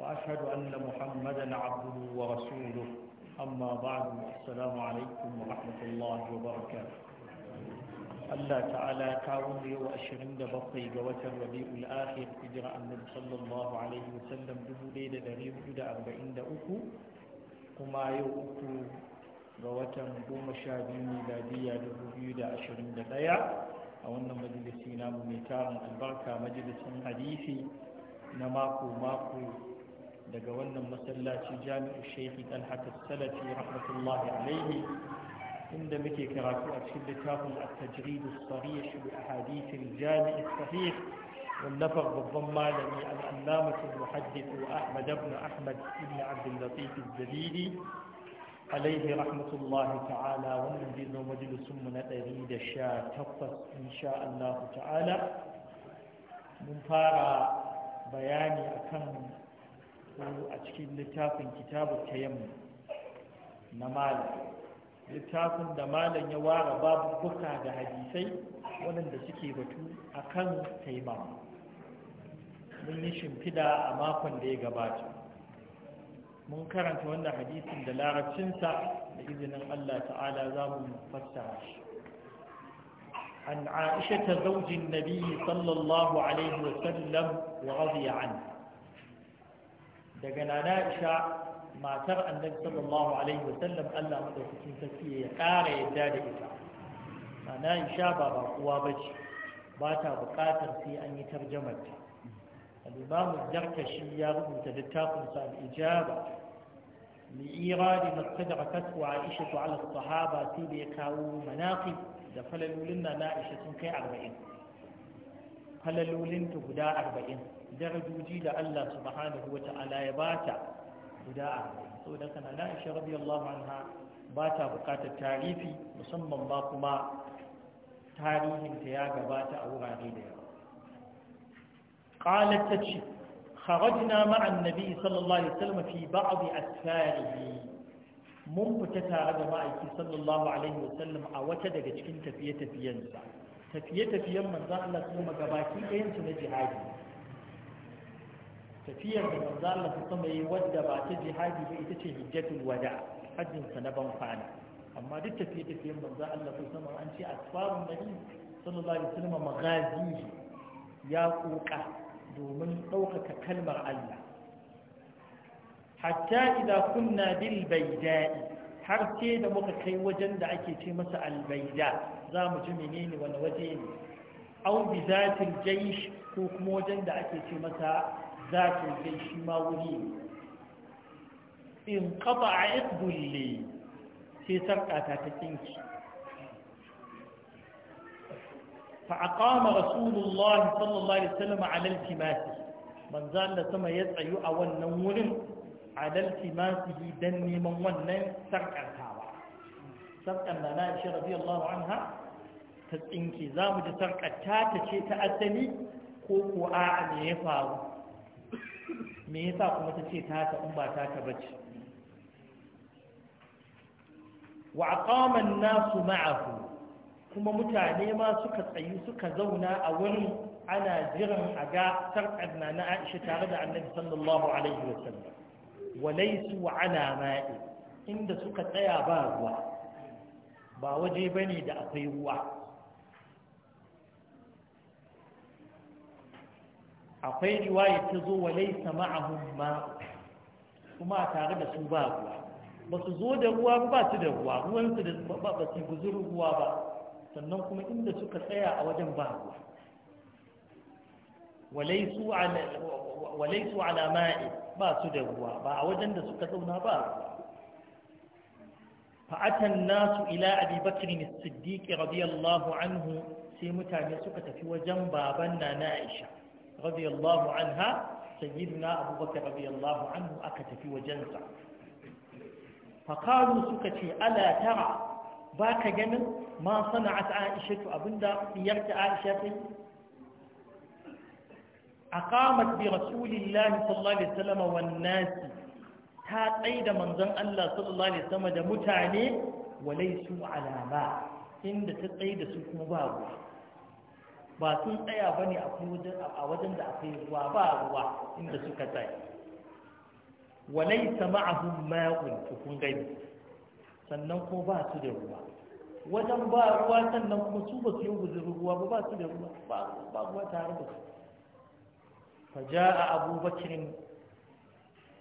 وأشهد أن محمدا عبده ورسوله أما بعد السلام عليكم ورحمة الله وبركاته الله تعالى كاولي وأشرند بقي جوات الربيع الآخر إجراء النبي صلى الله عليه وسلم دبو ليلة دريب جدا أربعين دأكو كما يؤكو جوات قوم شابين ميلادية دبو بيدا أشرين دقيا أو أن مجلسنا مميتار البركة مجلس حديثي نماكو ماكو daga wannan masallaci jami'ar sheikh talhat salafi rahmatullahi alaihi inda muke karatu a cikin littafin at-tajrid as-sarih bi ahadith al-jami' as-sahih والنفر بالضم لي العلامة المحدث أحمد بن أحمد بن عبد اللطيف الزبيدي عليه رحمة الله تعالى ومن دين مجلس من أريد شاء تقص إن شاء الله تعالى من فارا بياني أكم ko a cikin littafin kitabu ta yamma na malam littafin da malam ya ware babubuka da hadisai waɗanda suke batu a kan taimama mun yi shimfida a makon da ya gabata mun karanta wannan hadisin da larabcinsa da izinin Allah ta'ala za mu fassara shi عن عائشة زوج النبي صلى الله عليه وسلم ورضي عنه daga nana isha matar annabi sallallahu alaihi wasallam Allah madaukakin sarki ya ƙara yadda da ita nana isha ba ba kuwa bace ba ta bukatar sai an yi tarjamar ta al-imam zarkashi ya rubuta littafin sa al-ijaba li لإيراد ما استدركته عائشة على الصحابة سيدي كاو مناقب da falalolin na na isha sun kai 40 falalolin ta guda 40 darajoji da Allah subhanahu wa ta'ala ya bata guda a so da kana na isha radiyallahu anha ba ta bukatar tarifi musamman ba kuma tarihinta ya gabata a wurare da yawa qalat ta ce kharajna ma'a annabi sallallahu alaihi wasallam fi ba'd asfarihi mun fita tare da ma'aiki sallallahu alaihi wasallam a wata daga cikin tafiye-tafiyensa tafiye-tafiyen manzo Allah kuma gabaki ɗayan su na jihadi tafiyar da manzo Allah ta sama yi wadda ba ta jihadi ba ita ce hijjatul wada hajjin sa na ban kwana amma duk tafiye tafiyen manzo Allah ta sama an ce asfarun nabi sallallahu alaihi wasallam magazi ya kuka domin ɗaukaka kalmar Allah hatta idan kunna bil baidai har sai da muka kai wajen da ake ce masa albaida za mu ji menene wani waje ne au bi zatil ko kuma wajen da ake ce masa ذات الجيش مولي in kafa a ikbulle sai sarƙa ta فأقام رسول الله صلى الله عليه وسلم على التماس من زال سما يسعي أول نور على التماسه دني من ون سرقا تاوى سرقا لنا رضي الله عنها تسإنكي زامج سرقا تاتا شيء تأسلي كوكو آعن يفاوي me yasa kuma ta ce ta ta in ba ta ta bace wa aqama an-nasu ma'ahu kuma mutane ma suka tsayu suka zauna a wurin ana jiran a ga sarƙar na na Aisha tare da Annabi sallallahu alaihi wa sallam wa laysu ala ma'i inda suka tsaya ba ruwa ba waje bane da akwai ruwa akwai riwaya ta zo wa laisa ma'ahum ma kuma a tare da su ba ruwa ba su zo da ruwa ba su da ruwa ruwansu da ba ba su guzuri ruwa ba sannan kuma inda suka tsaya a wajen ba ruwa walaisu ala ma'i ba su da ruwa ba a wajen da suka zauna ba ruwa fa'atan nasu ila abi bakirin siddiƙi radiyallahu anhu sai mutane suka tafi wajen baban na na aisha radiyallahu anha na abubakar radiyallahu anhu aka tafi wajensa faqalu suka ce ala tara ba ganin ma sana'at aisha to abinda diyarta aisha ta yi aqamat bi rasulillahi sallallahu alaihi wasallam wan nas ta tsaida manzon Allah sallallahu alaihi wasallam da mutane walaisu alama inda ta tsaida su kuma babu ba sun tsaya ba ne a wajen da aka yi ruwa ba ruwa inda suka tsaya walai sama abin mayakun tukun gani sannan ko ba su da ruwa wajen ba ruwa sannan kuma su ba su yi guzurin ruwa ba ba su da ruwa ba ruwa tare da su فجاء أبو بكر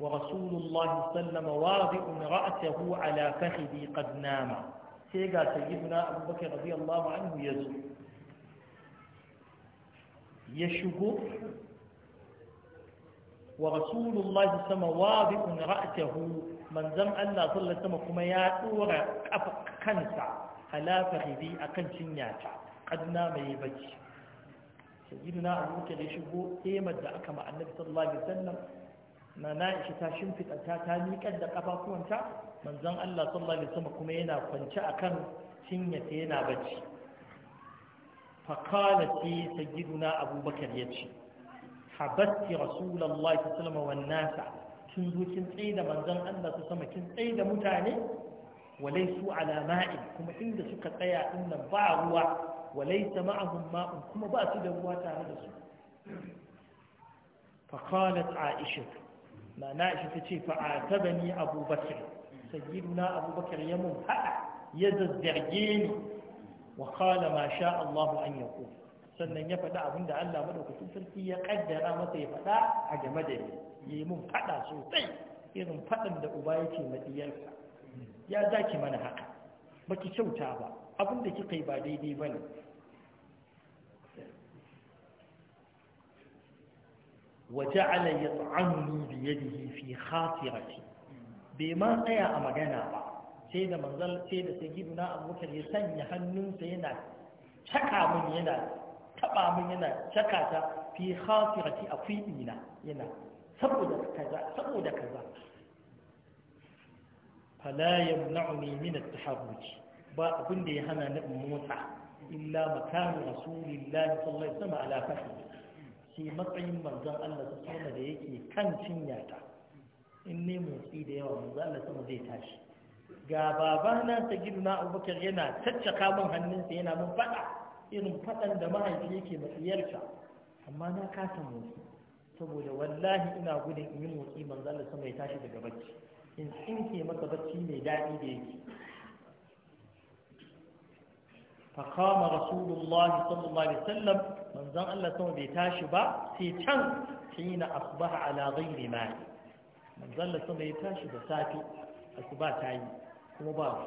ورسول الله سلم واضع امرأته على فخذي قد نام سيقى سيدنا أبو بكر رضي الله عنه يزور ya shigo wa rasulullahi sama wabi'un ra'atahu manzon Allah sallallahu alaihi kuma ya dora kafa kansa ala fahidi akan cinyata kadna mai bacci sayyidina Abu Bakar ya shigo emar da aka ma annabi sallallahu alaihi wasallam na na'isha ta shimfida ta ta miƙar da kafafuwanta manzon Allah sallallahu alaihi kuma yana kwance akan cinyata yana bacci fakala ce sajiduna abubakar ya ce habasti rasulallah ta salama wannan sa tun zo kin tsaye da manzan allah su sama kin tsaye da mutane walai su alama'i kuma inda suka tsaya inda ba ruwa walai ta ma'ahun ma'un kuma ba su da ruwa tare da su fakala aisha na na'ishi ta ce fa'ata gani abubakar sajiduna abubakar ya mun haɗa ya zazzarge ni wa ma sha Allahu an yaqul sannan ya faɗa abin da Allah madaukakin sarki ya kaddara masa ya faɗa a game da ni yi mun faɗa sosai irin faɗan da uba yake na diyarsa ya zaki mana haka baki kyauta ba abin da kika yi ba daidai bane وجعل يطعني بيده في Bai بما tsaya a magana ba. sai da manzal sai da sai sayyiduna abubakar ya sanya hannunsa yana caka min yana taba min yana caka ta fi khafirati afidina yana saboda kaza saboda kaza fala yamna'uni min at-taharruj ba abin da ya hana ni in motsa illa makan rasulillahi sallallahu alaihi wasallam ala fakhri sai matsayin manzon Allah sallallahu alaihi wasallam da yake kan cinyata in ne motsi da yawa manzon Allah sallallahu alaihi wasallam zai tashi ga baba na ta na abubakar yana caccaka min hannunsa yana min faɗa irin faɗan da mahaifi yake matsiyarta amma na kasa motsi saboda wallahi ina gudun in yi motsi manzan da sama ya tashi daga bacci in tsinke masa bacci mai daɗi da yake فقام رسول الله صلى Allah sama bai tashi ba sai can shi با سيتان حين أصبح على غير ماء من ذن الله سوى بيتاشي بساتي أصبح تايي kuma ba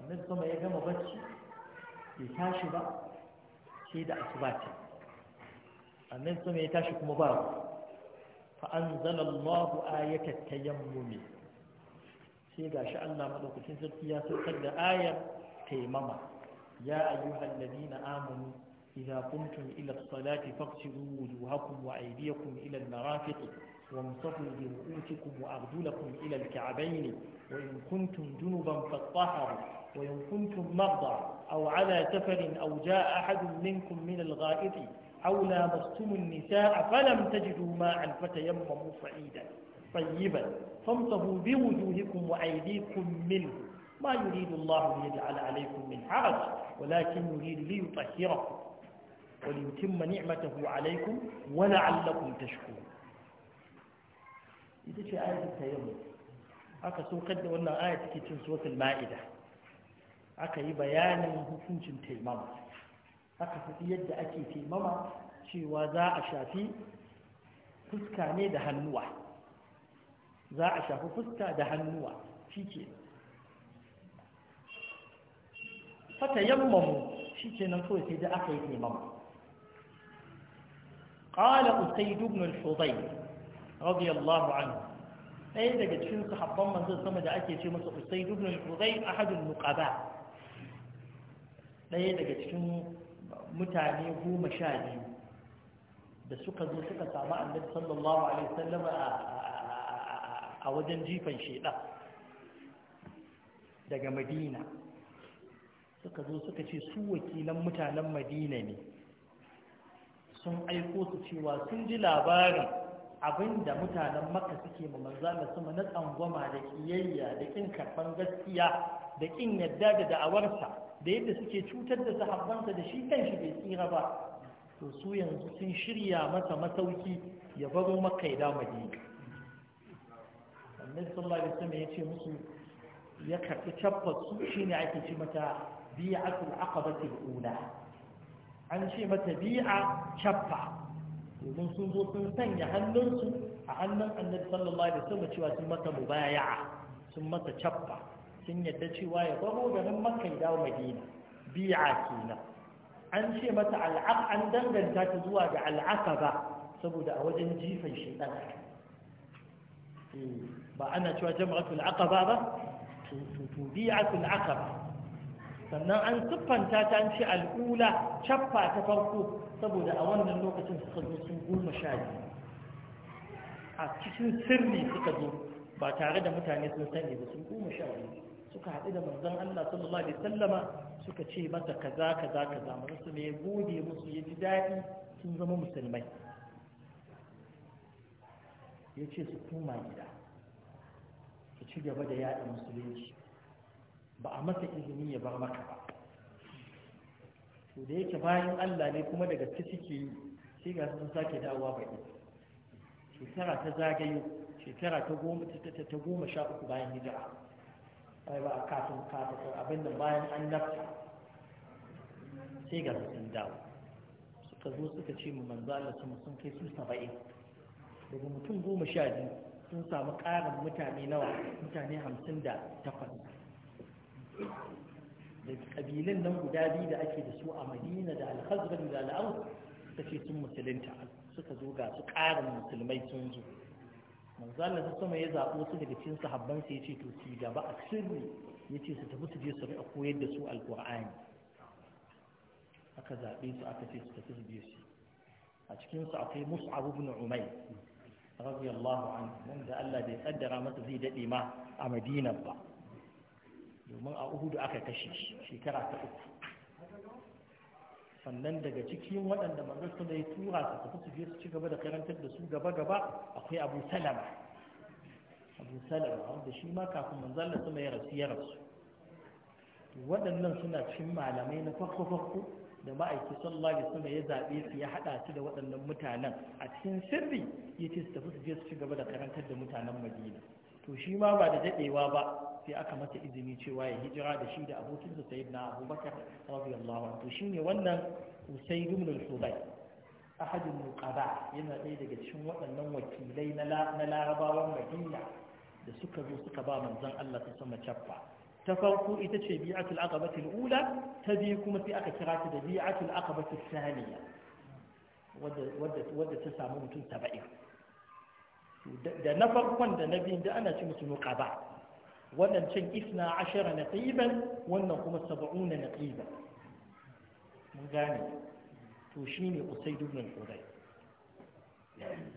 annabi sama ya gama bacci bai tashi ba sai da asuba ce annabi sama ya tashi kuma ba fa anzalallahu ayatat tayammumi sai gashi Allah madaukakin sarki ya saukar da ayar taimama ya ayyuhal ladina amanu idza kuntum ila as-salati faghsilu wujuhakum wa aydiyakum وامسحوا برؤوسكم وأرجلكم إلى الكعبين وإن كنتم جنبا فاطهروا وإن كنتم مرضى أو على سفر أو جاء أحد منكم من الغائط أو لامستم النساء فلم تجدوا ماء فتيمموا صعيدا طيبا فامسحوا بوجوهكم وأيديكم منه ما يريد الله ليجعل عليكم من حرج ولكن يريد ليطهركم وليتم نعمته عليكم ولعلكم تشكرون ita ce ayatul tayammum aka saukar da wannan aya take cin suratul ma'ida aka yi bayanin hukuncin taimama aka faɗi yadda ake taimama cewa za a shafi fuska ne da hannuwa za a shafi fuska da hannuwa shi ke fata yammamu shi ke nan kawai sai da aka yi taimama قال أسيد بن الحضير radiyallahu anhu ɗaya daga cikin sahabban manzon sama da ake ce masa usaid ibn al-hudayr ahadul nuqaba ɗaya daga cikin mutane goma sha biyu da suka zo suka samu annabi sallallahu alaihi wasallam a wajen jifan shedan daga madina suka zo suka ce su wakilan mutanen madina ne sun aiko su cewa sun ji labarin abinda mutanen maka suke ma manzala sama na tsangwama da kiyayya da kin karban gaskiya da kin yadda da da'awarsa da yadda suke cutar da sahabbansa da shi kanshi bai tsira ba to su yanzu sun shirya masa masauki ya baro maka ya dama da annabi sallallahu alaihi wasallam ya ce musu ya karbi tabbas su shine ake ce mata bi'atul aqabati al-ula an ce mata bi'a chaffa domin sun zo sun sanya hannunsu a hannun annabi sallallahu alaihi wasallam cewa sun masa mubaya'a sun masa cappa sun yadda cewa ya baro garin makka ya dawo madina bi'a kenan an ce mata al'aq an danganta ta zuwa ga al'aqaba saboda a wajen jifan shi dan eh, ba ana cewa jama'atul aqaba ba to bi'atul aqaba sannan an siffanta ta an ce al'ula cappa ta farko saboda a wannan lokacin suka zo sun goma sha biyu a cikin sirri suka zo ba tare da mutane sun sani ba sun goma sha biyu suka haɗu da manzon Allah sallallahu alaihi sallama suka ce masa kaza kaza kaza Mun manzon ya gode musu ya ji daɗi sun zama musulmai ya ce su koma gida su ci gaba da yaɗa musulunci ba a masa izini ya bar maka ba to da yake bayan Allah ne kuma daga ta ke yi sai ga sun sake dawowa ba shekara ta zagayo shekara ta goma ta goma sha uku bayan hijira ai ba a kafin kafin abin da bayan an nafta sai ga sun dawo suka zo suka ce mu manzo Allah sun sun kai su saba'in daga mutum goma sha biyu sun samu ƙarin mutane nawa mutane hamsin da takwas da nan guda biyu da ake da su a madina da alhazbar da al'aus suka ce sun musulunta suka zo ga su ƙarin musulmai sun zo manzo ta sama ya zaɓo su daga cikin sahabban ya ce to su gaba a sirri ce su tafi su je su a koyar da su alqur'ani aka zaɓe su aka ce su tafi su je su a cikin su akwai Mus'ab ibn Umayr radiyallahu anhu wanda Allah bai kaddara masa zai dade ma a Madina ba domin a uhudu aka kashe shi shekara ta uku sannan daga cikin waɗanda manzansu da ya tura su tafi su je su ci gaba da karantar da su gaba gaba akwai abu salama abu salama wanda shi ma kafin manzan da sama ya rasu ya rasu waɗannan suna cikin malamai na farko farko da ma'aiki sallallahu alaihi wasallam ya zaɓe su ya haɗa su da waɗannan mutanen a cikin sirri ya ce su tafi su je su ci gaba da karantar da mutanen madina to shi ma ba da daɗewa ba sai aka masa izini cewa ya hijira da shi da abokinsa sayyidina abubakar radiyallahu anhu shine wannan usayd ibn al-hudayr ahad yana ɗaya daga cikin waɗannan wakilai na larabawan madina da suka zo suka ba manzon Allah ta sama cappa ta farko ita ce bi'atul aqabati al-ula ta biyu kuma sai aka kira ta da bi'atul aqabati al-thaniya wadda wadda wadda ta samu mutum 70 da na farkon da na biyu da ana ce musu nuqaba wannan can isna ashara na tsiban wannan kuma saba'una na tsiban mun gane to shi ne usai dubin kudai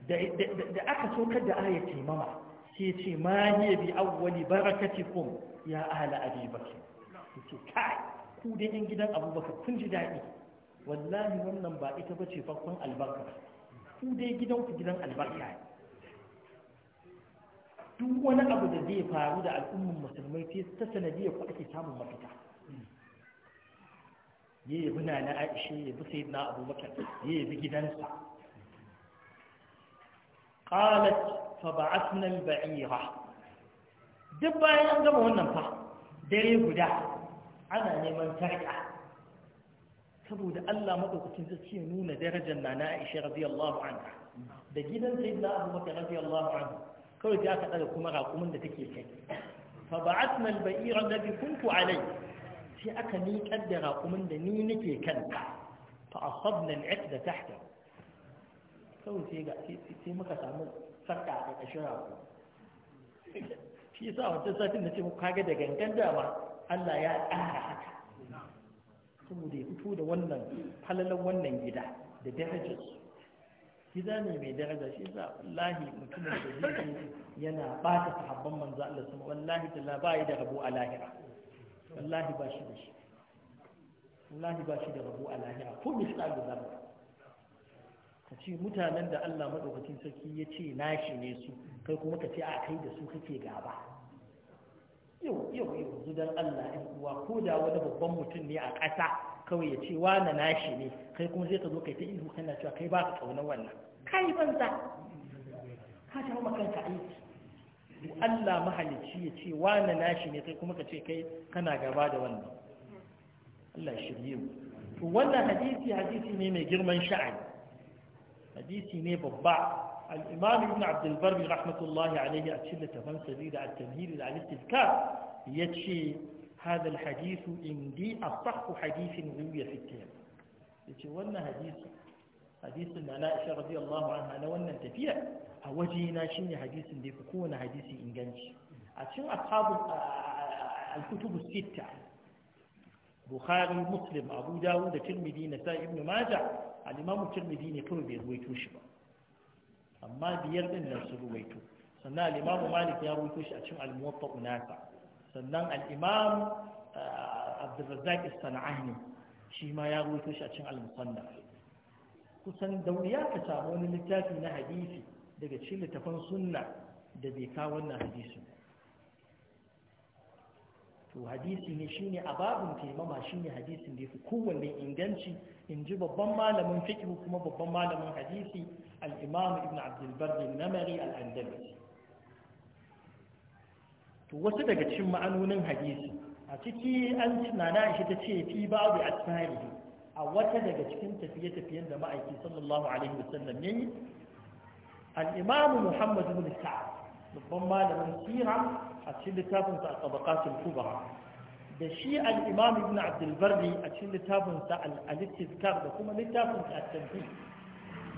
da aka saukar da aya taimama sai ce ma hiya bi awwali barakatikum ya ahla abi bakr yace kai ku dai yan gidan abubakar kun ji daɗi wallahi wannan ba ita ba ce farkon albarka ku dai gidan ku gidan albarka duk wani abu da zai faru da al'ummar musulmai sai ta sanadiyar ku ake samun mafita ya yabi na na aisha ya bi sai na abubakar ya bi gidansa qalat fa ba'athna al-ba'ira duk bayan an gama wannan fa dare guda ana neman sarƙa saboda Allah madaukakin zai ya nuna darajar na na aisha radiyallahu anha da gidan sayyidina abubakar radiyallahu anhu kawai sai aka daga kuma raƙumin da take kai fa ba'atna al-ba'ira alladhi kuntu alai sai aka miƙar da raƙumin da ni nake kan fa asabna al-iqda tahta kawai sai ga sai muka samu sarka a ƙarƙashin raƙumin shi yasa wancan satin na ce muku kaga da gangan dama Allah ya ƙara haka saboda ya fito da wannan falalan wannan gida da darajarsu gida ne mai daraja shi yasa wallahi mutumin da yake yana bata sahabban manzo Allah sama wallahi talla ba yi da rabo a lahira wallahi ba shi da shi wallahi ba shi da rabo a lahira ko misali da zama? ka ce mutanen da Allah madaukakin sarki ya ce nashi ne su kai kuma ka ce a kai da su kake gaba yau yau yau zudan Allah ɗan uwa ko da wani babban mutum ne a ƙasa kawai ya ce wane nashi ne kai kuma zai ka zo kai ta ihu kana cewa kai ba ka kauna wannan kai banza ka ta maka kanka aiki Allah mahalicci ya ce wane nashi ne kai kuma ka ce kai kana gaba da wannan Allah shirye mu wannan hadisi hadisi ne mai girman sha'ani hadisi ne babba al-Imam Ibn rahmatullahi alayhi a cikin littafin sabida at-tamhid al yace هذا الحديث عندي أصح حديث روي في التيم يتي وانا حديث حديث الملائكة رضي الله عنها أنا وانا تفيع أوجينا شيني حديث دي فكون حديث إنجانش أتشو أصحاب آه، الكتب الستة بخاري مسلم أبو داود ترمذي نسائي ابن ماجع الإمام الترمذي نقول بيرويتوش أما بيردن نفسه رويتو سنة الإمام مالك يرويتوش أتشو الموطأ نافع sannan al'imam uh, abdulrazzaq sana'ani shi ma ya rubuto shi a cin al-musannaf kusan da wuya ka samu wani littafi na hadisi daga cikin littafan sunna da bai kawo wannan hadisi to hadisi ne shine a babin taimama shine hadisin da yafi kowanne inganci in ji babban malamin fiqh kuma babban malamin hadisi al-imam ibn abdul barr namari al-andalusi to wasu daga cikin ma'anonin hadisi a ciki an tunana shi ta ce fi babu asari a wata daga cikin tafiye-tafiyen da ma'aiki sallallahu alaihi wasallam yayi al-imam Muhammadu ibn Sa'd babban malamin sira a cikin littafin sa tabaqatul kubra da shi al-imam ibn Abdul Barri a cikin littafin sa al-istizkar da kuma littafin sa at-tanbih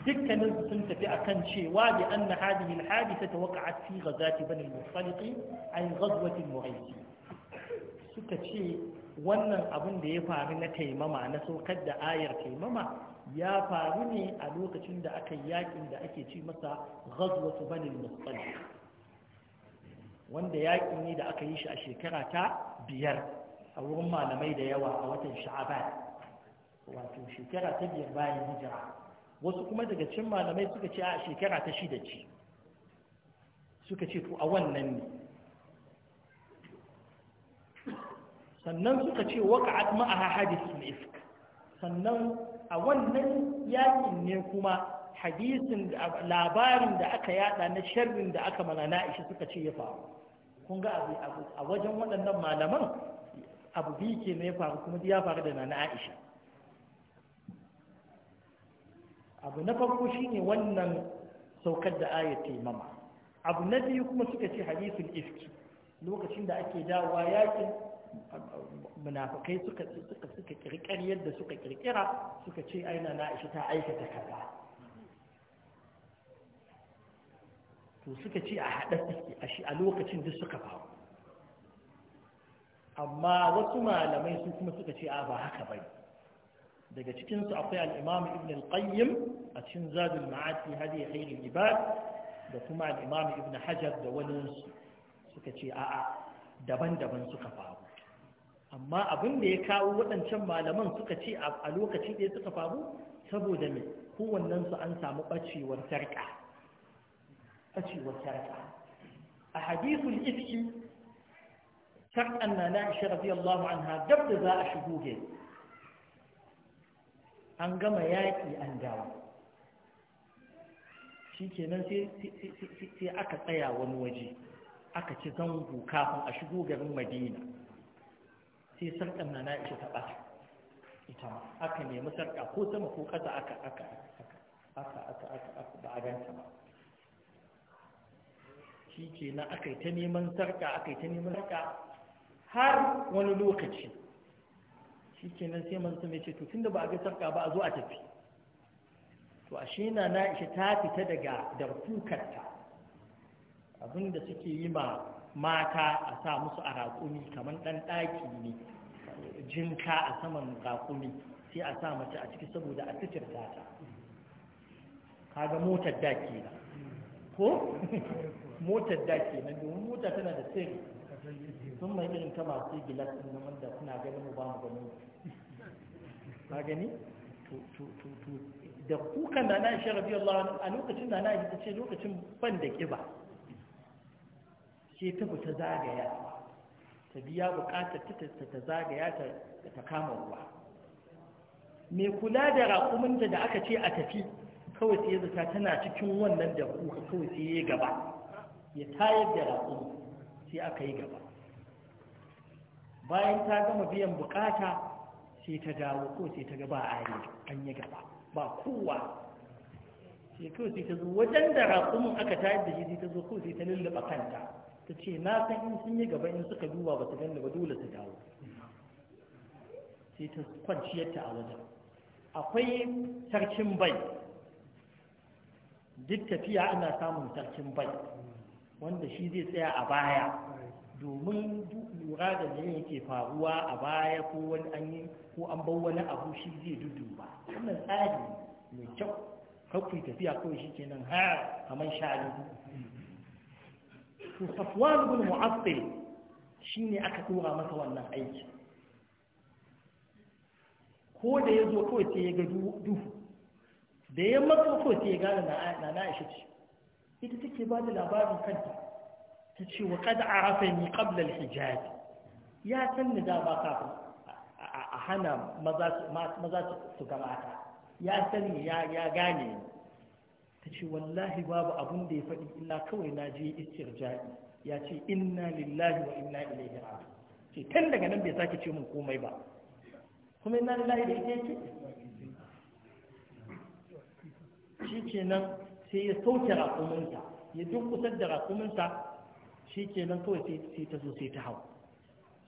dukkanin su sun tafi akan cewa bi anna hadhihi al-hadisa ta fi asira bani banin mustaliq a ghazwati al-mughaysi suka ce wannan abin da ya faru na taimama na saukar da ayar taimama ya faru ne a lokacin da aka yakin da ake ci masa ghazwatu bani al wanda yaƙi ne da aka yi shi a shekara ta biyar a wurin malamai da yawa a watan sha'aban wato shekara ta biyar bayan hijira wasu kuma daga cin malamai suka ce a shekara ta shida ce suka ce to a wannan ne sannan suka ce waka'at a hadisin ifk sannan a wannan yakin ne kuma hadisin labarin da aka yada na sharrin da aka mana na'ishi suka ce ya faru kun ga a wajen waɗannan malaman abu biyu ke ya faru kuma ya faru da na na'ishi abu na farko shine wannan saukar da ayat taimama abu na biyu kuma suka ce hadisul ifki lokacin da ake dawowa yakin munafukai suka kirkir yadda suka kirkira suka ce aina na Aisha ta aikata kaza to suka ce a hada take a lokacin da suka faru amma wasu malamai su kuma suka ce a ba haka bane daga cikinsu akwai al'imam ibn al-qayyim a cikin zadul ma'ati hadi khairul ibad da kuma al'imam ibn hajar da wani suka ce a'a daban-daban suka faru amma abin da ya kawo waɗancan malaman suka ce a lokaci ɗaya suka faru saboda me su an samu ɓacewar sarƙa ɓacewar sarƙa a hadisul ifki sarƙan na na ishe radiyallahu anha dab da za a shigo gari an gama yaƙi an dawo shi kenan sai aka tsaya wani waje aka ci zango kafin a shigo garin madina sai sarƙar na na'ishe ta ɓata ita ma aka nemi sarƙa ko sama ko ƙasa aka aka aka aka aka ba a ganta ba shi kenan aka yi ta neman sarƙa aka yi ta neman sarƙa har wani lokaci shi nan sai manzo mai ce to tunda ba a ga sarka ba a zo a tafi to ashe na na ishe ta fita daga darkukarta abinda suke yi ma mata a sa musu a raƙumi kamar ɗan ɗaki ne jinka a saman raƙumi sai a sa mace a ciki saboda a fitirta ta kaga motar da kenan ko motar da na domin mota tana da sirri sun mai irin ta masu gilas ɗin nan wanda suna ganin mu ba mu gani ba gani da kukan da na ishe rabi Allah a lokacin da na ishe ta ce lokacin ban da ƙiba ce ta ta zagaya ta biya buƙatar ta ta zagaya ta kama ruwa mai kula da raƙuminta da aka ce a tafi kawai sai ya zata tana cikin wannan da kuka kawai sai ya gaba ya tayar da raƙumi sai aka yi gaba bayan ta gama biyan bukata sai ta dawo ko sai ta gaba a yi an yi gaba ba kowa sai kawai sai ta zo wajen da raƙumin aka tayar da shi sai ta zo ko sai ta lullaba kanta ta ce na san in sun yi gaba in suka duba ba su ganda ba dole su dawo sai ta kwanciyarta a wajen akwai sarkin bai duk tafiya ana samun sarkin bai wanda shi zai tsaya a baya domin lura da ne yake faruwa a baya ko wani an yi ko an bau wani abu shi zai duduba wannan tsari mai kyau kakwai tafiya kawai shi kenan har kamar shanu to safwan ibn mu'attil shine aka tura masa wannan aiki ko da ya zo kawai sai ya ga duhu da ya maka kawai sai ya gane na na ce ita take ba da labarin kanta ta ce wa kada a rafa ni ƙablar hijabi ya san ni da ba kafin a hana maza su ga ya san ya gane ni ta ce wallahi babu abun da ya faɗi illa kawai na je jari. ya ce ina lillahi wa inna ilaihi raji'un ce tun daga nan bai sake ce mun komai ba kuma ina lillahi da ita yake shi kenan sai ya sauke raƙuminsa ya durkusar da raƙuminsa shi ke nan kawai sai ta zo sai ta hau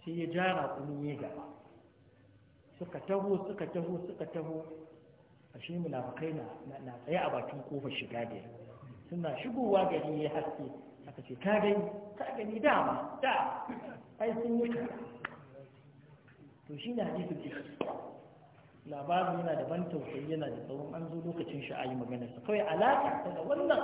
sai ya ja raƙumin ya gaba suka taho suka taho suka taho a shi munafukai na na tsaye a bakin kofar shiga da suna shigowa gari ya haske aka ce ka gani ka gani dama da ai sun yi kara to shi ne hadisin labarin yana da ban tausayi yana da tsawon an zo lokacin shi a yi magana kawai alaƙa ta wannan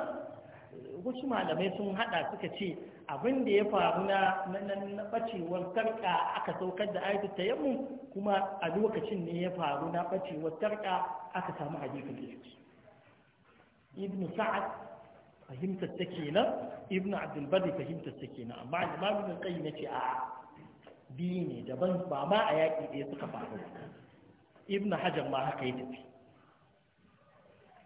wasu malamai sun haɗa suka ce abin da ya faru na na ɓacewar sarƙa aka saukar da ayatul tayammum kuma a lokacin ne ya faru na ɓacewar sarƙa aka samu hadisin iski ibn sa'ad fahimtar ta kenan ibn abdul fahimtar ta kenan amma da imam ibn a biyu ne daban ba ma a yaƙi ɗaya suka faru ibn hajar ma haka ya tafi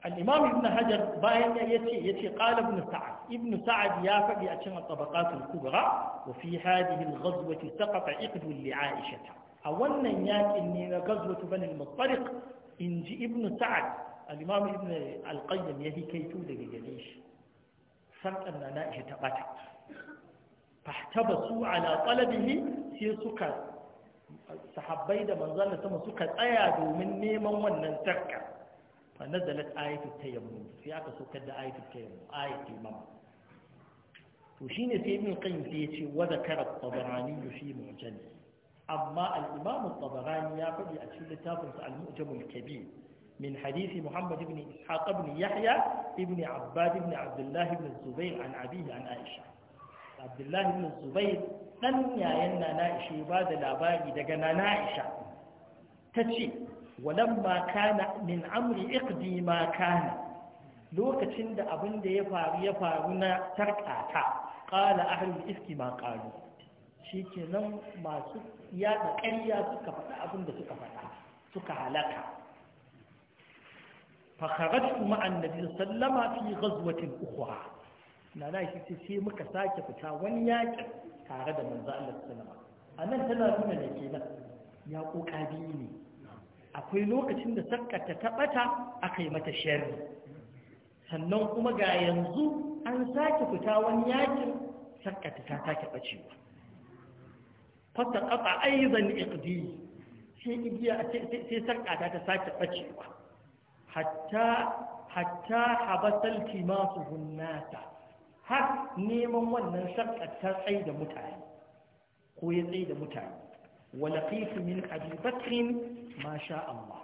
al-imam ibn hajar bayan ya yace yace qala ibn sa'ad ibn sa'ad ya faɗi a cikin tabaqat al-kubra wa fi hadhihi al-ghazwati saqata iqd li aisha a wannan yakin ne na ghazwatu bani al-muttariq inji ibn sa'ad al-imam ibn al-qayyim ya hikaitu daga gare shi sarƙar na na ta ɓata fahtabasu ala talabihi sai suka sahabbai da manzon da sama suka tsaya domin neman wannan zakka fa nazalat ayatul tayammum sai aka saukar da ayatul tayammum ayatul mama to shine sai ibn qayyim sai yace wa zakara at-tabarani fi mu'jam amma al-imam at-tabarani ya faɗi a cikin littafin sa al-mu'jam al-kabir من حديث محمد Ibn إسحاق Ibn يحيى Ibn عباد Ibn عبد الله بن an عن أبيه عن عائشة عبد الله ɗan yayan na na'isha ya ba da labari daga na na'isha ta ce walan ma min amri iqdi ma lokacin da abin da ya faru ya faru na tarkata qala ahlul iski ma qalu shikenan masu yada ƙarya suka faɗa abin da suka faɗa suka halaka fa kharajtu ma'an sallama fi ghazwatin ukuwa, na na shi sai muka sake fita wani yakin. tare da manzo Allah sallama a nan tana nuna ne kenan ya koka biyu ne akwai lokacin da sarƙata ta bata aka yi mata sharri sannan kuma ga yanzu an sake fita wani yakin sakkata ta sake bacewa fata kafa aizan iqdi sai igiya sai sakkata ta sake bacewa hatta hatta habasal timasu hunnata. har neman wannan sarƙar ta tsaye da mutane ko ya tsaye da mutane walaƙisu min abubakirin ma sha Allah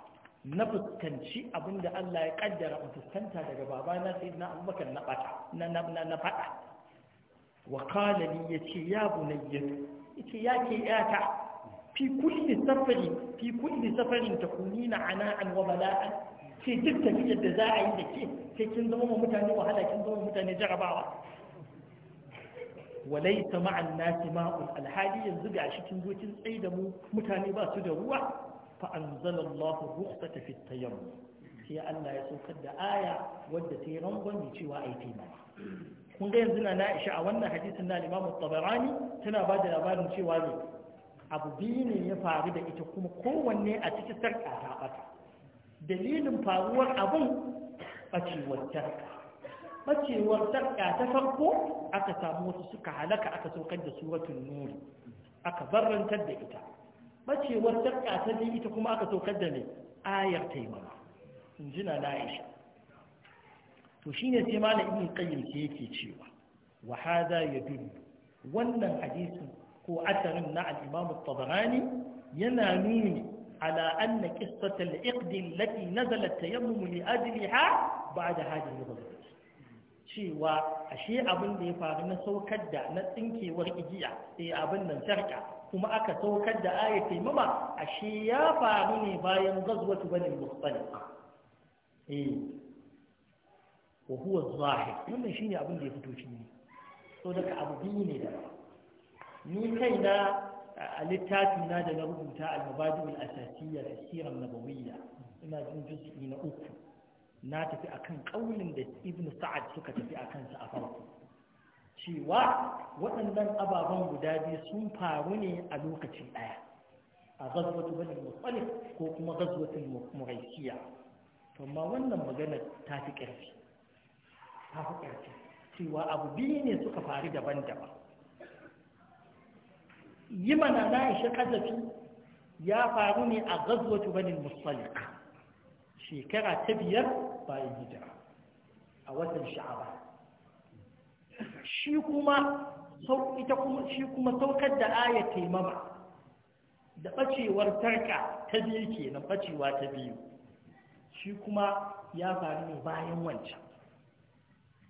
na fuskanci abinda Allah ya ƙaddara a fuskanta daga babana sai na abubakar na ɓata na faɗa wa kalali ya ce ya bunayya ya ya ke yata fi kulli safari fi kulli safarin ta kunina ana'an wa bala'an ce duk tafiyar da za a yi da ke sai kin zama mutane wahala kin zama mutane jarabawa walaita ma'an nasi ma'un alhali yanzu ga shi kin gokin tsaye da mu mutane ba su da ruwa fa anzalallahu rukhsata fi tayammum sai Allah ya saukar da aya wadda ta yi rangon cewa ai taimama kun ga yanzu na Aisha a wannan hadisin na Imam Tabarani tana ba da labarin cewa ne abu biyu ne ya faru da ita kuma kowanne a cikin sarƙa ta bata dalilin faruwar abun bacewar tarka bacewar sarƙa ta farko aka samu wasu suka halaka aka saukar da suratun nur aka barrantar da ita bacewar sarƙa ta biyu ita kuma aka saukar da mai ayar taimama in jina na aisha to shine sai malam ibn qayyim ke yake cewa wa ya yadullu wannan hadisin ko asarin na al tabarani yana nuni ala anna qissat al-iqd allati nazalat tayammum li ajliha ba'da cewa ashe abin da ya faru na saukar da na tsinkewar igiya sai eh, abin nan sharka kuma aka saukar da ayat taimama ashe ya faru ne bayan gazwatu bani mustalif eh wa huwa zahir wannan shine abin da ya fito shi ne so daga abu biyu ne da ni kaina a littafi na da na rubuta al-mabadi al-asasiyya fi sirar nabawiyya ina jin juz'i na uku na tafi akan ƙaunin da Ibnu sa'ad suka tafi a kansa a farko cewa waɗannan ababen guda biyu sun faru ne a lokacin ɗaya a gazwatu bani mutsalif ko kuma gazwatun muraisiya amma wannan magana ta fi ƙarfi ta fi ƙarfi cewa abu biyu ne suka faru daban-daban yi mana na ishe ƙazafi ya faru ne a gazwatu bani mutsalif shekara ta biyar bayan hijira a watan sha'aba shi kuma ita kuma shi kuma saukar da aya taimama da bacewar tarka ta biyu kenan bacewa ta biyu shi kuma ya faru ne bayan wancan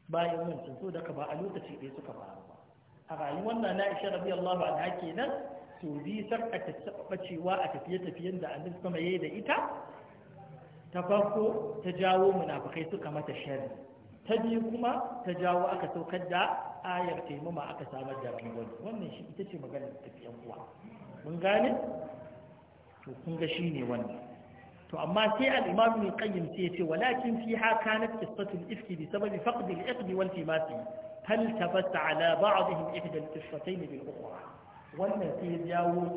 bayan wancan so daga ba a lokaci ɗaya suka faru ba a rayuwar na na ishe rabi Allah ba na kenan to bi sarka ta bacewa a tafiye-tafiyen da annabi sama yayi da ita ta farko ta jawo munafikai suka mata sharri ta biyu kuma ta jawo aka saukar da ayar taimama aka samar da rangwani wannan shi ita ce maganar tafiyan kuwa mun gane to kun ga shi ne wannan to amma sai al-imam ibn qayyim sai ce walakin fiha kanat qissatul ifki bi sababi faqd al-iqd wal timasi fal tabassa ala ba'dihim ihda al-qissatayn bil ukhra wannan sai ya jawo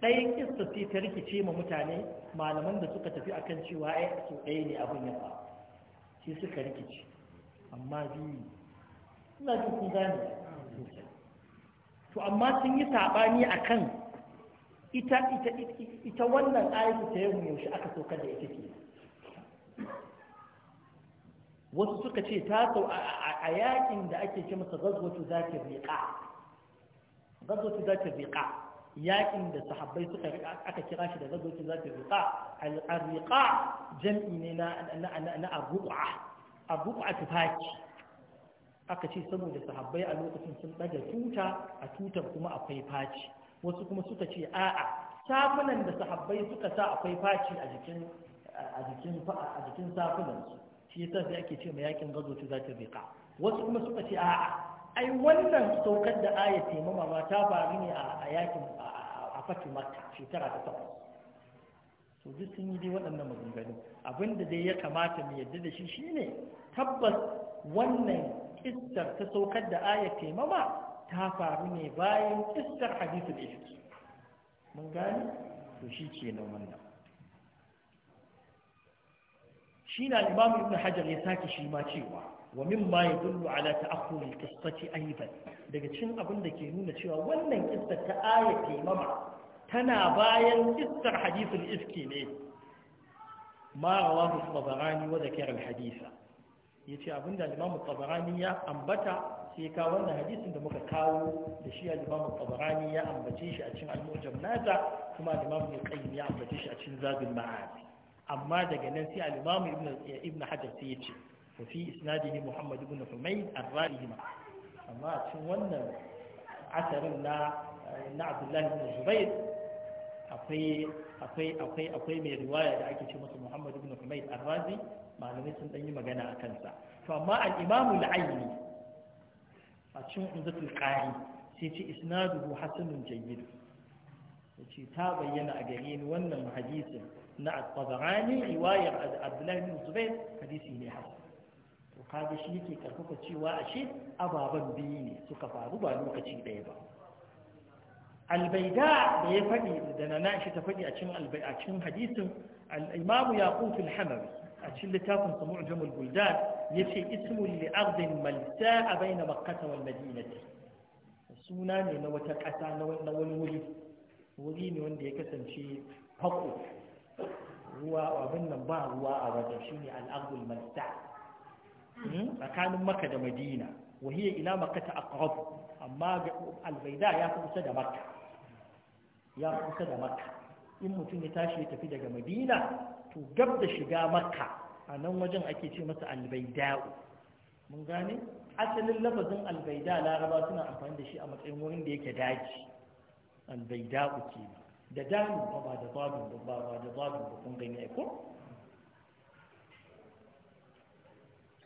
ɗayan kissa sai ta rikice ma mutane malaman da suka tafi akan cewa ai a ɗaya ne abin ya fa sai suka rikice amma biyu ina jin kun gane to amma sun yi saɓani akan ita ita ita wannan ayatu ta yau yaushe aka sauka da ita ke wasu suka ce ta sau a yakin da ake ce masa gazwatu zakir riqa za ta riqa yakin da sahabbai suka aka kira shi da zagoci za ta riƙa al-riƙa jam'i ne na na abu'a abu'a tufaki aka ce saboda sahabbai a lokacin sun ɗaga tuta a tutar kuma akwai faci wasu kuma suka ce a'a safunan da sahabbai suka sa akwai faci a jikin a jikin a jikin safunan su shi yasa sai ake ce ma yakin gazo ta riƙa wasu kuma suka ce a'a ai wannan saukar da aya taimama ma ta faru ne a yakin a fatu makka shekara ta takwas to duk sun yi dai waɗannan maganganu abinda dai ya kamata mu yadda da shi shine tabbas wannan kissar ta saukar da aya ta faru ne bayan kissar da ifki mun gane to shi kenan wannan shi na imam ibn hajar ya sake shi ma cewa wa mimma yadullu ala ta'akhur al-qissati aidan daga cikin abin da ke nuna cewa wannan kissa ta ayati mama tana bayan kissar hadithul iski ne ma rawahu tabarani wa dhakara al-haditha yace abinda al-imam tabarani ya ambata sai ka wannan hadisin da muka kawo da shi al-imam tabarani ya ambace shi a cikin al-mu'jam nata. kuma al-imam al-qayyim ya ambace shi a cikin zadul ma'ad amma daga nan sai al-imam ibn ibn hajar sai yace وفي إسناده محمد بن حميد الرائهما أما تشون أثر na Abdullahi bin Zubair akwai akwai akwai akwai mai riwaya da ake ce masa Muhammad ibn Humayd ar malamai sun dan magana a kansa to amma al-Imam al-Aini a cikin Umdatul Qari sai ce isnaduhu hasanun jayyid yace ta bayyana a gare ni wannan hadisin na riwayar Abdullahi bin Zubair hadisi kaga shi yake karfafa cewa ashe ababan biyu ne suka faru ba lokaci ɗaya ba albaida da ya faɗi da nana shi ta faɗi a cikin a cikin hadisin al-imamu yaqut al-hamawi a cikin littafin sa mu'jamul buldan yace ismul li ardin malsa'a baina makkah wal madinati suna ne na wata ƙasa na wani wuri wuri ne wanda ya kasance fako ruwa abin nan ba ruwa a wajen shine al-ardul Hmm? tsakanin maka da madina wahiyar ila maka ta akwab amma albaida ya fi kusa da maka ya fi kusa da maka in mutum ya tashi ya tafi daga madina to gab da shiga maka a nan wajen ake ce masa albaida'u mun gane asalin lafazin albaida laraba suna amfani da shi a matsayin wurin da yake daji albaida'u ke da damu ba da babin ba ba da babin ba kun gani ko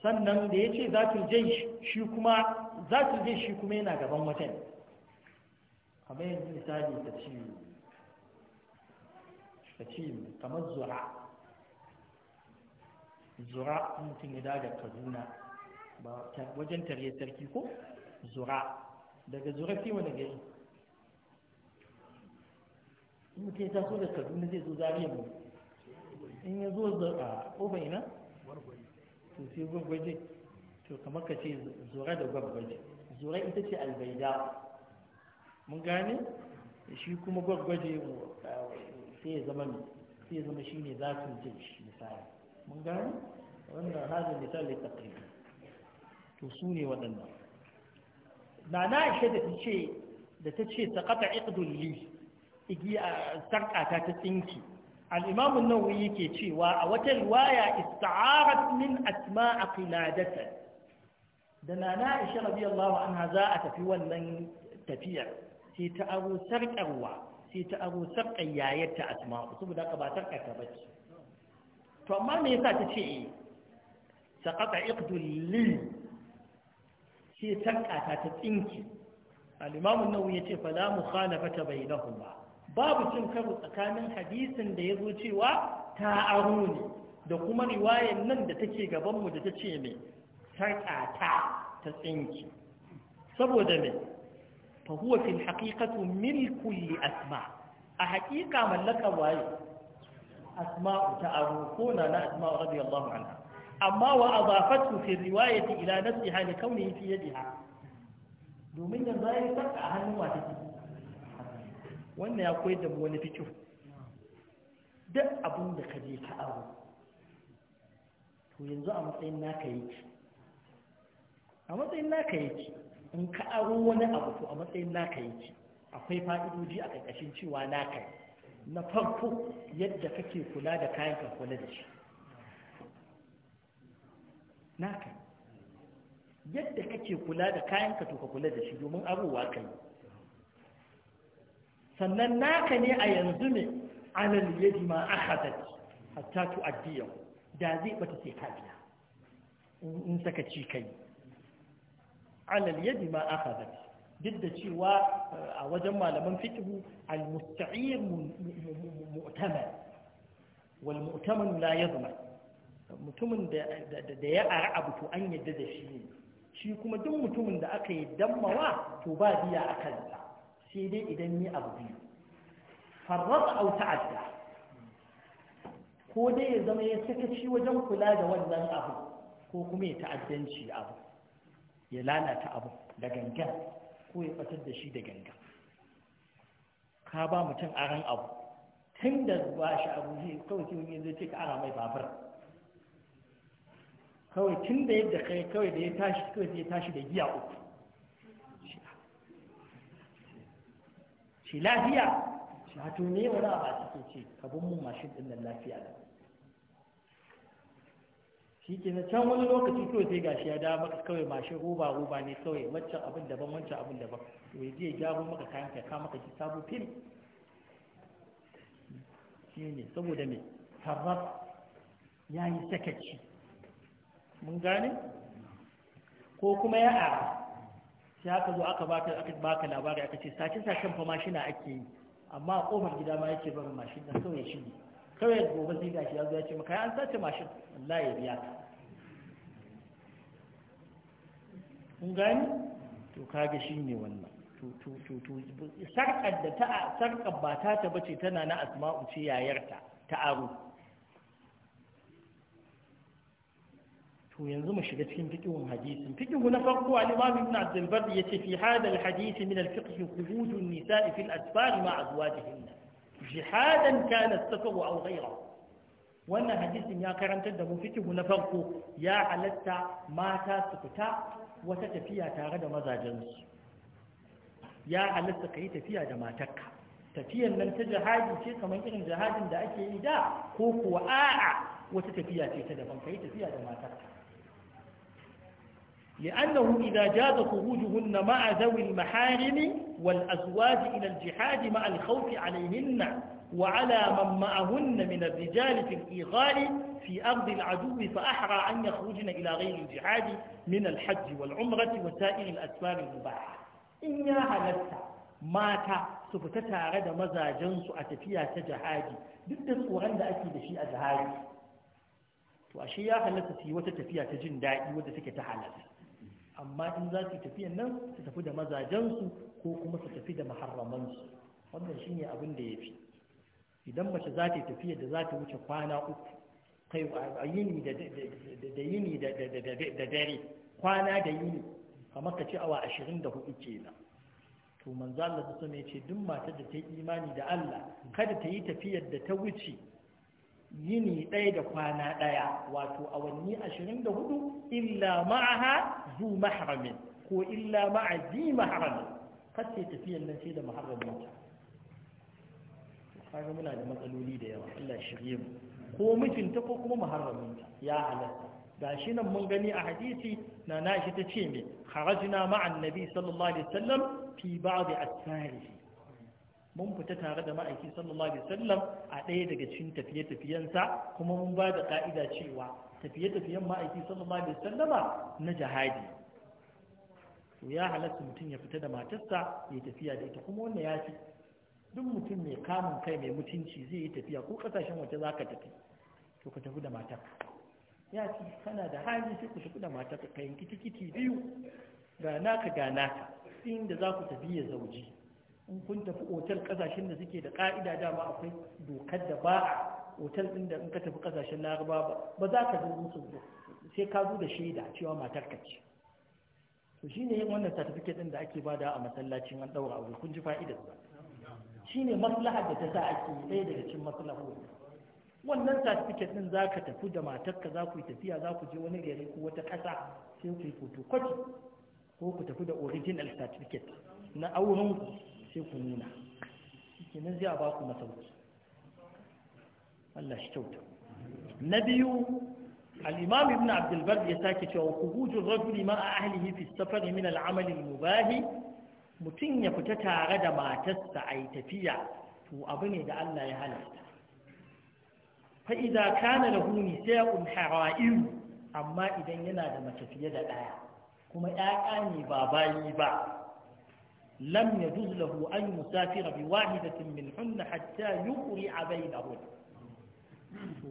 sannan da ya ce zatul jai shi kuma zatul jai shi kuma yana gaban wata kamar yanzu misali ta ce ta ce kamar zura zura mutum ya daga kaduna ba wajen tare sarki ko zura daga zura fi wani gari mutum ya taso da kaduna zai zo zariya mu in ya zo a ƙofa ina to sai gwagwaje to kamar ka ce zura da gwagwaje zura ita ce albaida mun gane shi kuma gwagwaje sai ya zama mai sai ya zama shi ne su jin shi misali mun gane wannan hajji misali takribi to su ne waɗannan na na ishe da ta ce da ta ce ta kata iqdulli igiya sarƙata ta tsinki al Naui an yake cewa a wata riwaya ista'arat min asma'a qinadatan da nana Aisha radiyallahu anha za a tafi wannan tafiyar sai ta aro sarkarwa sai ta aro sarkar yayarta asma'u saboda ka ba sarkar ta bace to amma me yasa ta ce saqata iqdul li sai sarka ta ta tsinki al-imam an-nawawi yace fa la mukhalafata bainahuma babu cin karo tsakanin hadisin da ya zo cewa ta aro ne da kuma riwayar nan da take gabanmu da ta ce mai sarƙata ta tsinki saboda mai fahuwa fil haƙiƙatu milkul li asma a haƙiƙa mallaka waye asma'u ta aro ko na na asma'u radiyallahu anha amma wa adafatu fi riwayati ila nafsiha li kaunihi fi yadiha domin yanzu ya sarƙa a hannun wata take wannan ya koyar da mu wani fikihu duk abin da ka je ka aro to yanzu a matsayin naka yake a matsayin naka yake in ka aro wani abu to a matsayin naka yake akwai fa'idoji a ƙarƙashin cewa naka na farko yadda kake kula da kayan ka kula da shi naka yadda kake kula da kayan ka to ka kula da shi domin abubuwa kai sannan naka ne a yanzu ne alal yadi ma akhadat hatta tu'addiya da zai bata sai ka in saka ci kai alal yadi ma akhadat duk da cewa eh, a wajen malaman fiqhu al musta'ir mu'taman wal mu'taman la yadman mutumin da ya ara abu to an yadda da shi ne shi kuma duk mutumin da aka yi dammawa to ba biya a kansa sai dai idan ni abu biyu farrat au ta'adda ko dai ya zama ya sakaci wajen kula da wannan abu ko kuma ya ta'addanci abu ya lalata abu da gangan ko ya fatar da shi da gangan ka ba mutum aran abu tun da ba shi abu zai kawai sai zai ce ka ara mai babur kawai tun da yadda kai kawai da ya tashi kawai sai ya tashi da giya uku ce lafiya ce hato ne wani abu a cikin ce ka bin mun mashin ɗin nan lafiya ne shi ke na can wani lokaci to sai gashi ya dawo maka kawai mashin roba roba ne kawai wancan abin daban wancan abin daban to ya je ya gyaro maka kayan ka ka maka shi sabo fil shi ne saboda me tarar ya yi sakaci mun gane ko kuma ya ara sai aka zo aka baka aka baka labari aka ce sace sacen fa mashina ake yi amma a kofar gida ma yake barin mashin da sauye shi kawai gobe sai gashi ya zo ya ce maka an sace mashin wallahi ya biya kun gani to shi ne wannan sarƙar da ta sarkar ba ta ta bace tana na asma'u ce yayarta ta aro to yanzu mu shiga cikin fiqhun hadisin fiqhu na farko al-Imam Ibn Abd al-Barr yace fi hada al-hadith min al-fiqh khudud an-nisa'i fi al-asfar ma'a azwajihin jihadan kana as-safaw aw ghayruhu wannan hadisin ya karantar da mu fiqhu na farko ya halatta mata su fita wata tafiya tare da mazajensu ya halatta kai tafiya da matarka tafiyan nan ta jihadi ce kamar irin jihadin da ake yi da ko kuwa a'a wata tafiya ce ta daban kai tafiya da matarka لأنه إذا جاد خروجهن مع ذوي المحارم والأزواج إلى الجهاد مع الخوف عليهن وعلى من معهن من الرجال في الإيغال في أرض العدو فأحرى أن يخرجن إلى غير الجهاد من الحج والعمرة وسائر الأسفار المباحة إن يعلمت مات ماتا سفتتا غدا مزا جنس أتفيا تجهادي ضد صوران دا أكيد شيء وأشياء التي سيوة تفيا تجن دائي ودتك تحالتها amma in za su tafiya nan su tafi da mazajensu ko kuma su tafi da maharramansu wannan shine abin da ya fi idan mace za ta tafiya da za ta wuce kwana uku kai a yini da yini da dare kwana da yini kamar ka ce awa ashirin da hudu kenan to manzo Allah ta ce duk matar da ta yi imani da Allah kada ta yi tafiyar da ta wuce yini ɗaya da kwana ɗaya wato awanni ashirin da hudu illa ma'aha zu mahramin ko illa ma'a zi mahramin kace tafiyan nan sai da mahramin ta kaga muna da matsaloli da yawa Allah shirye mu ko mijinta ko kuma muharramin ta ya halatta gashi nan mun gani a hadisi na nashi ta ce me kharajna ma'an nabi sallallahu alaihi wasallam fi ba'd asfarihi mun fita tare da ma'aiki sallallahu alaihi wasallam a ɗaya daga cikin tafiye-tafiyensa kuma mun ba da ka'ida cewa tafiye-tafiyen ma'aiki sallallahu alaihi wasallama na jihadi to ya halatta mutum ya fita da matarsa ya tafiya da ita kuma wannan ya fi duk mutum mai kamun kai mai mutunci zai yi tafiya ko kasashen waje za ka tafi to ka tafi da matarka ya ce kana da hali sai ku tafi da matarka ka yanki tikiti biyu ga naka ga naka inda za ku tafi ya zauji in kun tafi otal kasashen da suke da ka'ida dama akwai dokar da ba otal ɗin da in ka tafi kasashen laraba ba ba za ka zo musu sai ka zo da shaida cewa matar ka ce to shine yin wannan certificate ɗin da ake bada a masallacin an ɗaura aure kun ji fa'idar ba ne maslaha da ta sa ake ɗaya daga cikin maslahohi wannan certificate ɗin za ka tafi da matarka za ku yi tafiya za ku je wani gari ko wata ƙasa sai ku yi photocopy ko ku tafi da original certificate na aurenku sai ku nuna shi nan zai ba ku masauki Allah shi kyauta na biyu al ibn Abdulbar ya sake cewa kuhujur rajuli ma ahlihi fi safari min al mubahi mutum ya fita tare da matarsa a yi tafiya to abu ne da Allah ya halatta da huni sai lahu nisa'un hara'ir amma idan yana da mace fiye da ɗaya. kuma 'ya'ya ne ba bayi ba lam yajuz lahu an musafira bi wahidatin min hunna hatta yuqri'a bainahun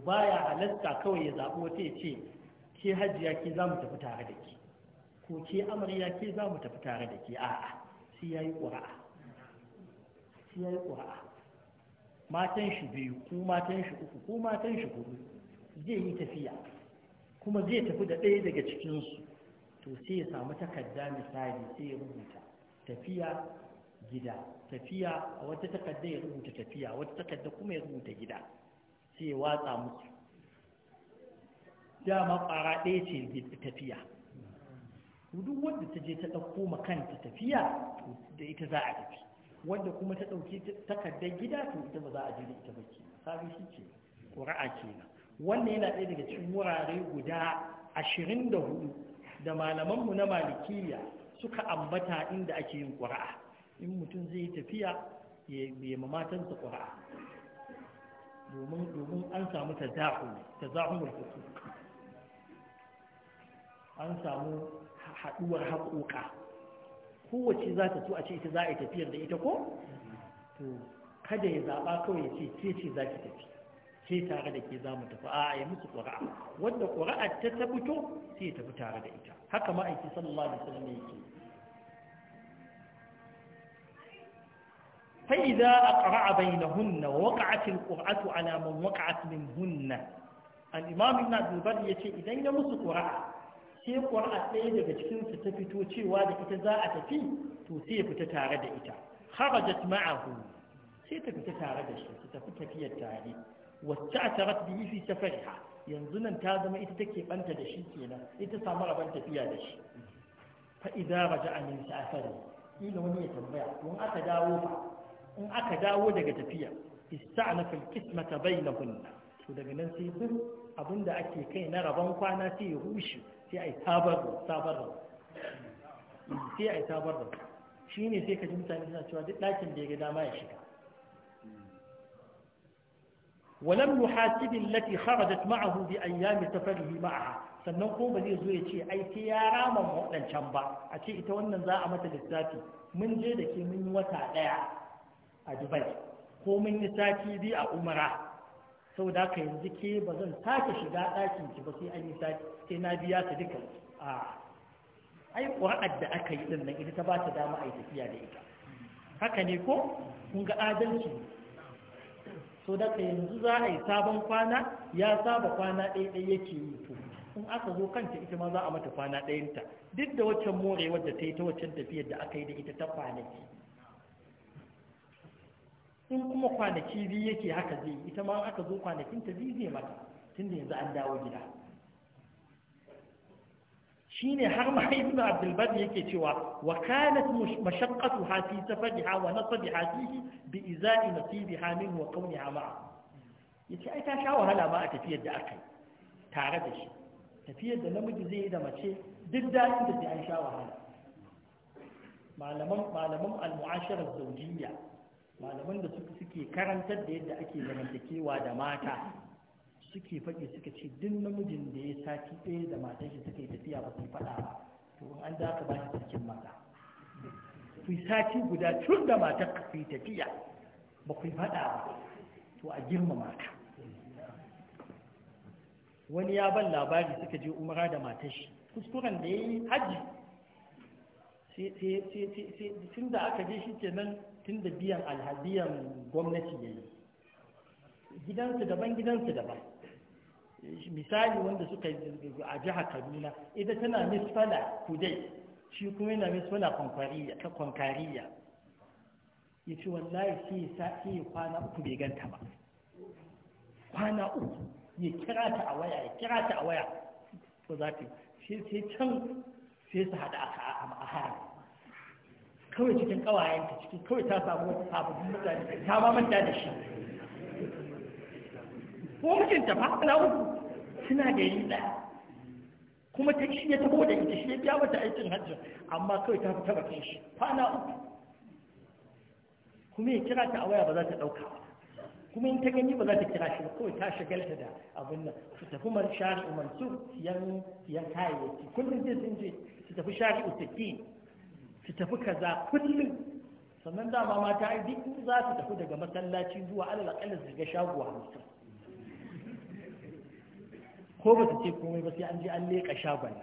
baya halatta kawai ya zaɓi wata ya ce ke hajiya ke za mu tafi tare da ke ko ke amarya ke za mu tafi tare da ke a'a sai ya yi ƙura'a sai ya yi ƙura'a matan shi biyu ko matan shi uku ko matan shi hudu zai yi tafiya kuma zai tafi da ɗaya daga cikinsu to sai ya samu takarda misali sai ya rubuta tafiya gida tafiya a wata takarda ya rubuta tafiya wata takarda kuma ya rubuta gida sai ya watsa musu dama ƙwara ɗaya ce tafiya duk wanda ta je ta ɗauko ma kanta tafiya da ita za a tafi wanda kuma ta ɗauki takardar gida to ita ba za a je da ita ba ke sabi shi ke, ƙura'a kenan wannan yana ɗaya daga cikin wurare guda ashirin da hudu da malamanmu na malikiya suka ambata inda ake yin ƙura'a in mutum zai tafiya ya ma matansa ƙura'a domin an samu tazahumul hukuk an samu haɗuwar haƙoƙa kowace za ta so a ce ita za a yi tafiyar da ita ko to kada ya zaɓa kawai ce ce ce za ki tafi ke tare da ke za mu tafi a ya musu ƙura'a wadda ƙura'a ta tabbato sai ya tafi tare da ita haka ma'aiki sallallahu alaihi wasallam yake فإذا أقرع بينهن ووقعت القرعة على من وقعت منهن الإمام ابن عبد البر يتي إذا يمس قرعة sai ƙwar'a ɗaya daga cikinsu ta fito cewa da ita za a tafi to sai ya fita tare da ita kharajat ma'ahu sai ta fita tare da shi ta tafi tafiyar tare wacce a tarat bihi fi safariha yanzu nan ta zama ita take banta da shi kenan ita samu rabon tafiya da shi raja a raja'a min safari kila wani ya tambaya don aka dawo fa in aka dawo daga tafiya bai na bainahunna su daga nan sai duk abinda ake kai na rabon kwana sai ya rushe sai ai sabar sabar sai ai sabar da shine sai ka ji mutane suna cewa duk ɗakin da ya ga dama ya shiga ولم يحاسب التي خرجت معه بأيام سفره معها sannan ko ba zai zo ya ce ai ke ya rama waɗancan ba a ce ita wannan za a mata lissafi mun je da ke mun yi wata ɗaya a dubai ko mun yi sati biyu a umara sau da ka yanzu ke ba zan sake shiga ɗakin ki ba sai an yi sati sai na biya ta duka a ai ƙura'ar da aka yi ɗin nan ita ta ba ta dama a yi tafiya da ita haka ne ko kun ga adalci so da ka yanzu za a yi sabon kwana ya saba kwana ɗaya ɗaya yake yi to in aka zo kanta ita ma za a mata kwana ɗayanta duk da waccan morewar da ta yi ta waccan tafiyar da aka yi da ita ta kwanaki in kuma kwanaki biyu yake haka zai ita ma aka zo kwanakin ta biyu zai mata tun da yanzu an dawo gida shine har ma ibn abdul bad yake cewa wa kanat mashaqqatuha fi safadiha wa nasabiha fihi bi izai ha min wa qawliha ma'a yace ai ta sha wahala ma a tafiyar da aka yi tare da shi tafiyar da namiji zai yi da mace duk daɗin da sai an sha wahala malaman malaman al muasharar zawjiyya malaman da suke karantar da yadda ake zamantakewa da mata suke faɗi suka ce duk namijin da ya sati ɗaya da matan shi suka yi tafiya ba su faɗa ba to an za ba shi cikin mata ku sati guda tun da matar ka yi tafiya ba ku faɗa ba to a girma mata wani ya ban labari suka je umara da matar shi kuskuren da ya yi hajji sai tun da aka je shi kenan tun da biyan alhadiyan gwamnati ya yi gidansu daban gidansu daban misali wanda suka yi a jihar kaduna ita tana misfala kudai shi kuma yana misfala kwankariya ya ce wallahi shi ya kwana uku bai ganta ba kwana uku ya kira ta a waya ya kira ta a waya ko za ta sai can sai su haɗa a hara kawai cikin kawayenta cikin kawai ta samu wasu sababbin mutane ta ma manta da shi ko mijinta ba na uku suna da yi ɗaya kuma ta shi ya taho da ita shi ya biya mata aikin hajji amma kawai ta fi tabbata shi kwana uku kuma ya kira ta a waya ba za ta ɗauka ba kuma in ta gani ba za ta kira shi ba kawai ta shagalta da abin nan su tafi man shari'u mansur siyan siyan kayayyaki kullum zai sun je su tafi shari'u sakin su tafi kaza kullum sannan dama mata ai duk za su tafi daga masallaci zuwa alal akalla su ga shago hamsin ko ba su ce komai ba sai an je an leƙa shagon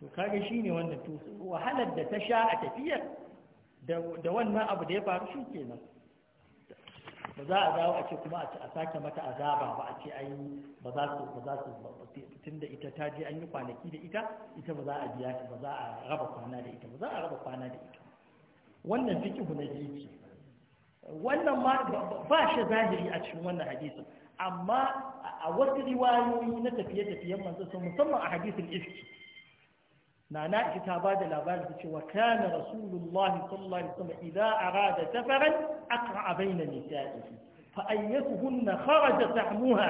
to kaga shine wannan to wahalar da ta sha a tafiyar da wannan abu da ya faru shi kenan ba za a dawo a ce kuma a sake mata azaba ba a ce ai ba za su ba za su tunda ita ta je an yi kwanaki da ita ita ba za a biya ta ba za a raba kwana da ita ba za a raba kwana da ita wannan fiqhu na jiki wannan ma ba shi zahiri a cikin wannan hadisin amma a wasu riwayoyi na tafiye-tafiyen manzo musamman a hadisin iski. na na ita ba da labarin ta cewa kana rasulullah sallallahu alaihi wasallam idza arada safaran aqra baina nisa'ihi fa ayyatuhunna kharaja tahmuha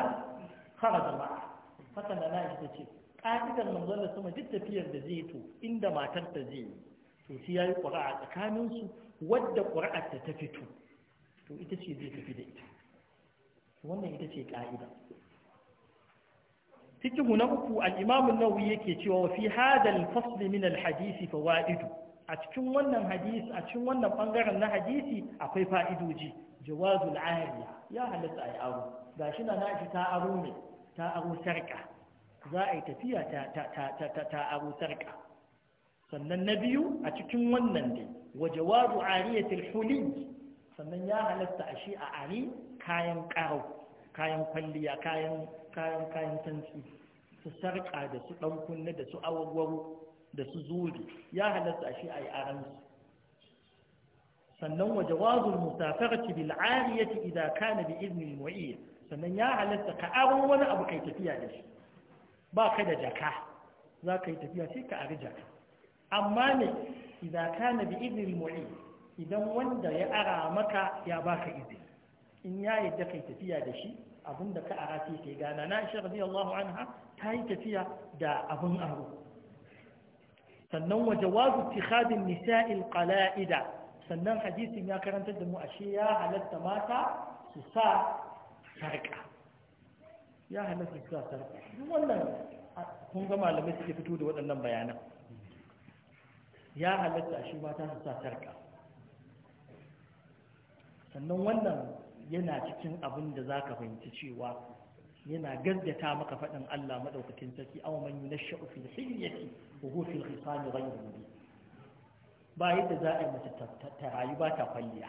kharaja ma'a haka na na ita ce ka'idar manzon da sama duk tafiyar da zai to inda matar ta zai to sai yayi qura'a tsakanin su wadda qura'ar ta fito to ita ce zai tafi da ita wannan ita ce ka'ida fikihu na uku al'imamun nawawi yake cewa wafi hadal fasli min alhadisi fawa'idu a cikin wannan hadisi a cikin wannan bangaren na hadisi akwai fa'idoji jawazul ariya ya halatta a yi aro gashi na nashi ta aro ne ta aro sarka za a yi tafiya ta aro sarka sannan na biyu a cikin wannan dai wa jawazu ariya huli sannan ya halatta a shi a ari kayan karo kayan kwalliya kayan kayan kayan tanki su sarƙa da su ɗan kunne da su awagwaro da su zuri ya halatta a shi a yi aran sannan wa jawazul musafarati bil ariyati idza kana bi izni mu'in sannan ya halatta ka aro wani abu kai tafiya da shi ba ka da jaka za ka yi tafiya sai ka ari jaka amma ne idza kana bi izni mu'in idan wanda ya ara maka ya baka izini in ya yadda kai tafiya da shi abin da ka ara sai kai gana na Aisha radiyallahu anha ta yi tafiya da abin aro sannan wa jawazu ittikhadin nisa'il qala'ida sannan hadisin ya karanta da mu ashe ya halatta mata su sa sarka ya halatta su sa sarka wannan kun ga malamai suke fito da waɗannan bayanan ya halatta ashe mata su sa sarka sannan wannan yana cikin abin da za ka fahimci cewa yana gaggata maka faɗin Allah maɗaukakin sarki aw man na fil hilyati wa huwa fil khisami ghayru mubin ba yadda za a yi mata ta rayu ba ta kwalliya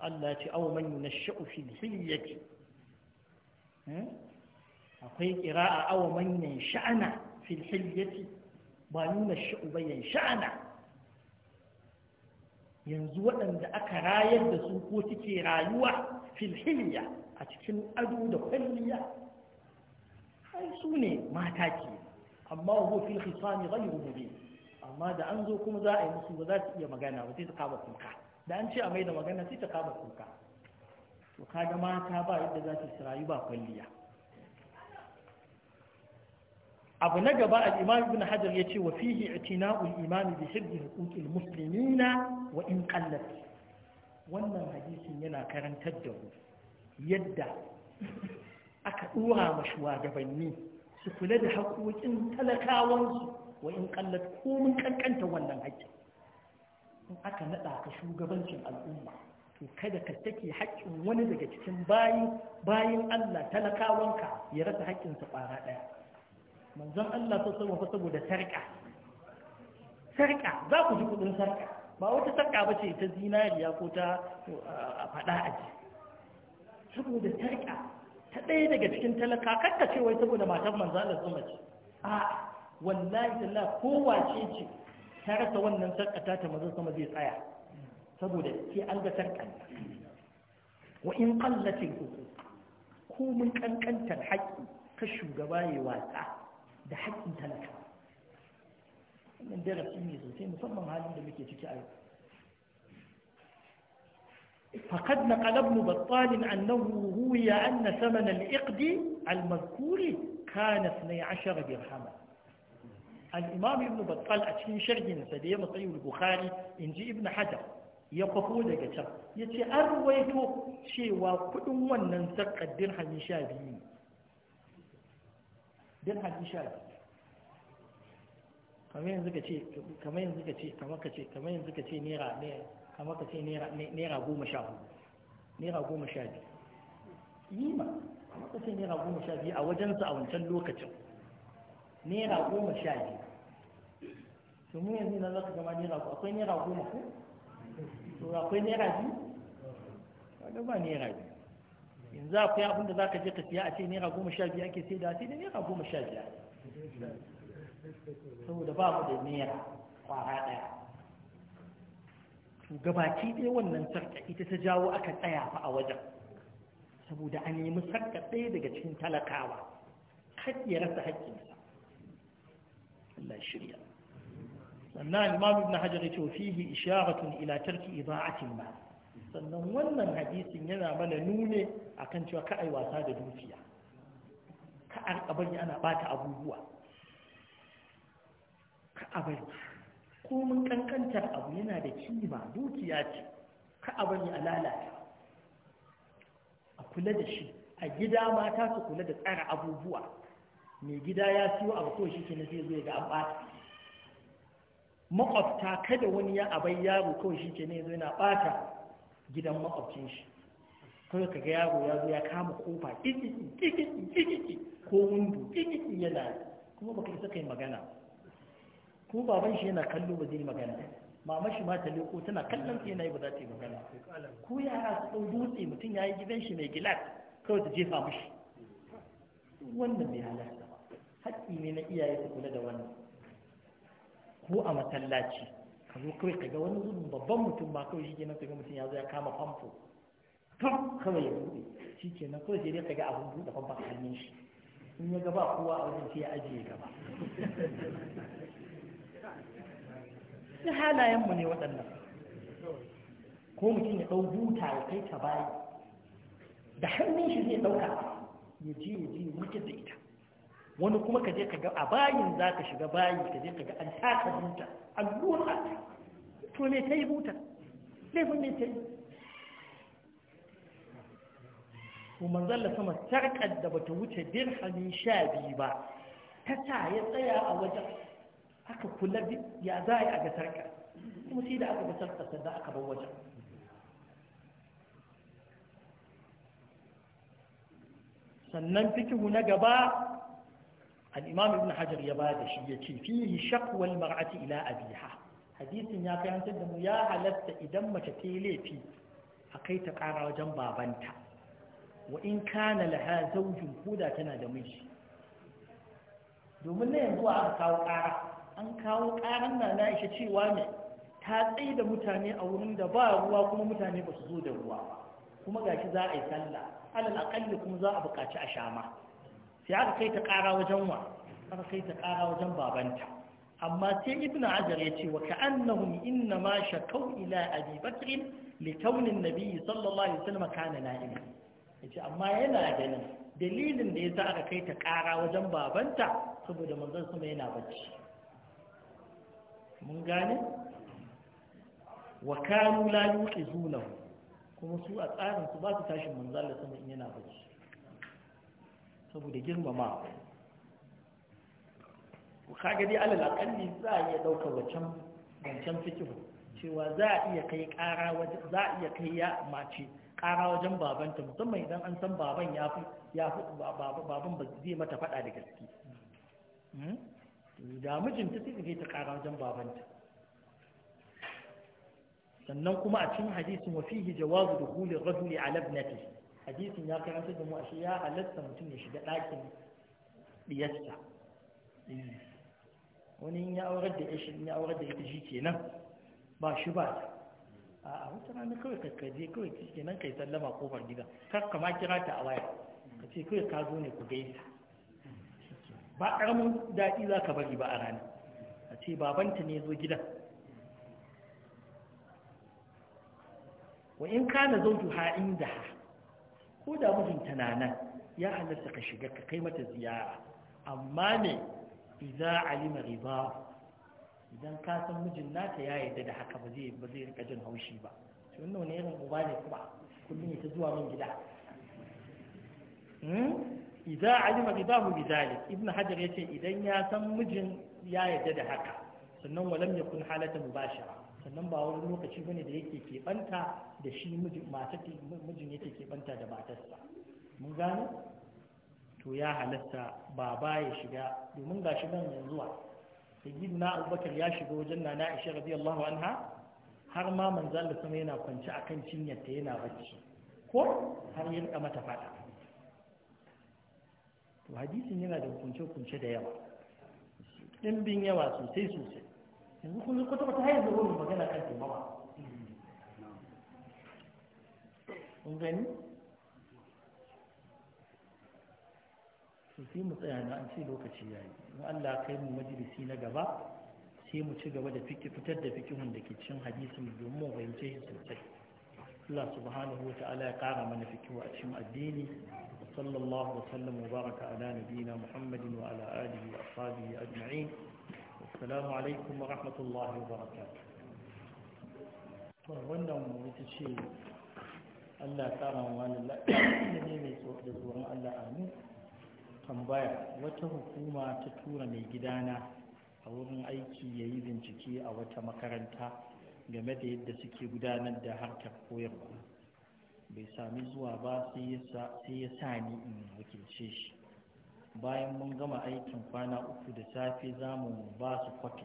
Allah ya ce aw man yunashsha'u fil hilyati hmm? akwai kira qira'a aw man yansha'ana fil hilyati ba nuna sha'u ba yansha'ana yanzu waɗanda aka rayar da su ko suke rayuwa filhiliya a cikin ado da kwalliya ai su ne mata ke amma wa fil khisami ghayru mubin amma da an zo kuma za a yi musu ba za su iya magana ba sai ta kama kuka da an ce a mai da magana sai ta kama kuka to kaga mata ba yadda za su rayu ba kwalliya abu na gaba al-imam ibn hajar ce wa fihi itina'ul imam da hibbi huquqil muslimina wa in qallat wannan hadisin yana karantar da ku yadda aka ɗora ma shugabanni su kula da haƙoƙin talakawansu wa in qallat komin kankanta wannan haƙƙi in aka naɗa ka shugabancin al'umma to kada ka take haƙƙin wani daga cikin bayan bayin Allah talakawanka ya rasa haƙƙinsa ƙwara ɗaya manzon Allah ta sama fa saboda sarka sarka za ku ji kudin sarka ba wata sarka ba ce ta zinariya ko ta faɗa a ji saboda sarka ta ɗaya daga cikin talaka kakka ce wai saboda matar manzon Allah sun mace a wallahi Allah kowa ce ce ta rasa wannan sarka ta ta manzon sama zai tsaya saboda ke an ga sarka wa in qallatil huquq ko mun kankantar haƙƙi ka shugaba ya wasa da haƙƙin talaka wannan darasi ne sosai musamman halin da muke ciki a yau فقد نقل ابن بطال أنه روي أن ثمن الإقد المذكور كان 12 درهما الإمام ابن بطال أتفين شرد سدي مطيع البخاري إنجي ابن حجر يقفو دقا يتي أرويتو شيوا كل وننسق الدرهم شابين dirhami sha biyu kamar yanzu ka ce kamar yanzu ka ce kamar ka ce kamar yanzu ka ce naira kamar ka ce naira goma sha hudu naira goma sha biyu yi ma kamar ka ce naira goma sha biyu a wajensa a wancan lokacin naira goma sha biyu mu yanzu na zaka gama naira goma akwai naira goma ko to akwai naira biyu ba naira biyu yanzu akwai abin da za ka je ka siya a ce naira goma sha biyu ake sai da sai da naira goma sha biyar saboda ba mu da naira kwara ɗaya to gabaki ɗaya wannan sarka ita ta jawo aka tsaya fa a wajen saboda a nemi sarka ɗaya daga cikin talakawa har ya rasa haƙƙinsa Allah shirya sannan imam ibn hajar ya ce fihi isharatun ila tarki ida'atin ba sannan wannan hadisin yana mana nune a kan cewa ka'ai wasa da dukiya Ka'ar a bari ana bata abubuwa ka bari komin kankantar abu yana da kima dukiya ce ka bari a lalata a kula da shi a gida mata su kula da tsara abubuwa mai gida ya siyo abu ko shi ke na zai ga an bata makwabta kada wani ya abai yaro kawai shi ke ne zai na bata gidan makwabcin shi kawai ka ga yaro ya zo ya kama kofa kikiki ko wundu kikiki yana kuma baka isa kai magana ko baban shi yana kallo ba zai magana mama shi ma ta leko tana kallon sai yana yi ba za ta yi magana ko yara su ɗau dutse mutum ya yi gidan shi mai gilas kawai ta jefa mishi wannan bai halarta ba haƙƙi ne na iyaye su kula da wannan ko a masallaci ka zo kawai ka ga wani zubin babban mutum ba kawai shi kenan nan ga mutum ya zo ya kama famfo tom kawai ya buɗe shi kenan kawai sai dai ka ga abin buɗe famfon a hannun shi in ya gaba kowa a wajen sai ya ajiye gaba duk halayenmu ne waɗannan ko mutum ya ɗau buta ya kai ta bayi da hannun shi zai ɗauka ya je ya je ya da ita wani kuma ka je ka ga a bayin za ka shiga bayi ka je ka ga an taka buta allura to me ta yi buta laifin ne ta yi to manzalla sama sarƙar da bata wuce dirhamin sha biyu ba ta sa ya tsaya a wajen aka kula ya za a ga sarƙar kuma sai da aka ga sarƙar sannan aka bar wajen sannan fikihu na gaba al'imam ibn hajar ya ba da shi ya ce fihi shakwal mar'ati ila abiha hadisin ya karantar da mu ya halatta idan mace ta yi laifi a kai ta kara wajen babanta wa in kana laha zaujin huda tana da miji domin na yanzu aka kawo kara an kawo karan na na cewa ne ta tsaye da mutane a wurin da ba ruwa kuma mutane ba su zo da ruwa kuma gashi za a yi sallah alal aƙalli kuma za a buƙaci a shama sai aka kai ta ƙara wajen wa aka kai ta ƙara wajen babanta amma sai ibnu hajar ya ce wa ka'annahum inna ma shakau ila abi bakr li kaunin nabiyyi sallallahu alaihi wasallam kana na'ima yace amma yana ganin dalilin da yasa aka kai ta ƙara wajen babanta saboda manzon sama yana bacci mun gane wa kanu la yuqizunahu kuma su a tsarin su ba su tashin manzon Allah sama in yana bacci saboda girmamawa kaga dai alal akalli za a iya ɗauka wancan wancan fikihu cewa za a iya kai kara wajen za a iya kai ya mace ƙara wajen babanta musamman idan an san baban ya fi ya fi baban ba zai mata faɗa da gaske hmm? da mijinta sai ta je ta ƙara wajen babanta sannan kuma a cikin hadisin wa fihi jawazu dukhuli rajuli ala ibnatihi hadisin ya karanta da mu shi ya halatta mutum ya shiga ɗakin diyasta. wani ya aurar da shi ya aurar da ita shi kenan ba shi ba ta a wata rana kawai kakkaje kawai kenan kai sallama kofar gida kar ka ma kira ta a waya ka ce kawai ka zo ne ku gaisa ba ƙaramin daɗi za ka bari ba a rana a ce babanta ne zo gidan wa in kana zaujuha indaha ko da mijinta na ya halatta ka shiga ka kai mata ziyara amma ne idza alima riba idan ka san mijin nata ya yarda da haka ba zai ba zai rika jin haushi ba to wannan wani irin uba ne kuma kullum ya ta zuwa min gida hmm? idza alima riba mu bizalik ibn hajar yace idan ya san mijin ya yarda da haka sannan walam yakun halata mubashara sannan ba wani lokaci bane da yake keɓanta da shi mijin yake keɓanta da matarsa mun gano to ya halatta baba ya shiga domin ga shi nan yanzu wa sayyidu na abubakar ya shiga wajen na na ishe radiyallahu anha har ma manzan da sama yana kwanci akan ta, yana bacci ko har ya rika mata fada to hadisin yana da hukunce-hukunce da yawa bin yawa sosai sosai المخرج قلت قلت هاي الظهور المجالة كانت في مطيعنا انسي لوكا شيئاي الله سبحانه وتعالى قارى فيك وأتشم الدين صلى الله وسلم وبارك على نبينا محمد وعلى آله وأصحابه أجمعين السلام عليكم ورحمة الله وبركاته wannan ita ce Allah tsara wani ne mai da tsoron Allah amin tambaya wata hukuma ta tura mai gidana a wurin aiki ya yi bincike a wata makaranta game da yadda suke gudanar da harkar koyarwa bai sami zuwa ba sai ya sa ni in wakilce shi bayan mun gama aikin kwana uku da safe za mu ba su kwafi